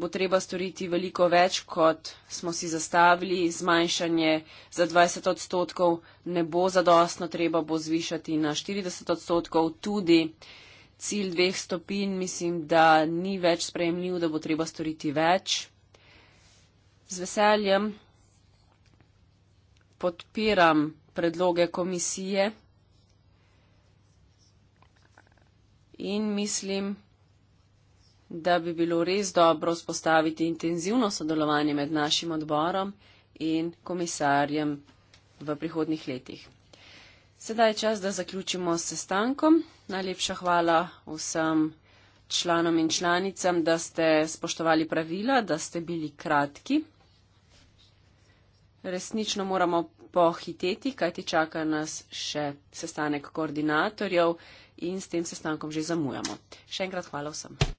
bo treba storiti veliko več, kot smo si zastavili. Zmanjšanje za 20 odstotkov ne bo zadostno, treba bo zvišati na 40 odstotkov tudi cilj dveh stopinj, mislim, da ni več sprejemljiv, da bo treba storiti več. Z veseljem podpiram predloge komisije in mislim, da bi bilo res dobro spostaviti intenzivno sodelovanje med našim odborom in komisarjem v prihodnih letih. Sedaj je čas, da zaključimo s sestankom. Najlepša hvala vsem članom in članicam, da ste spoštovali pravila, da ste bili kratki. Resnično moramo pohiteti, kajti čaka nas še sestanek koordinatorjev in s tem sestankom že zamujamo. Še enkrat hvala vsem.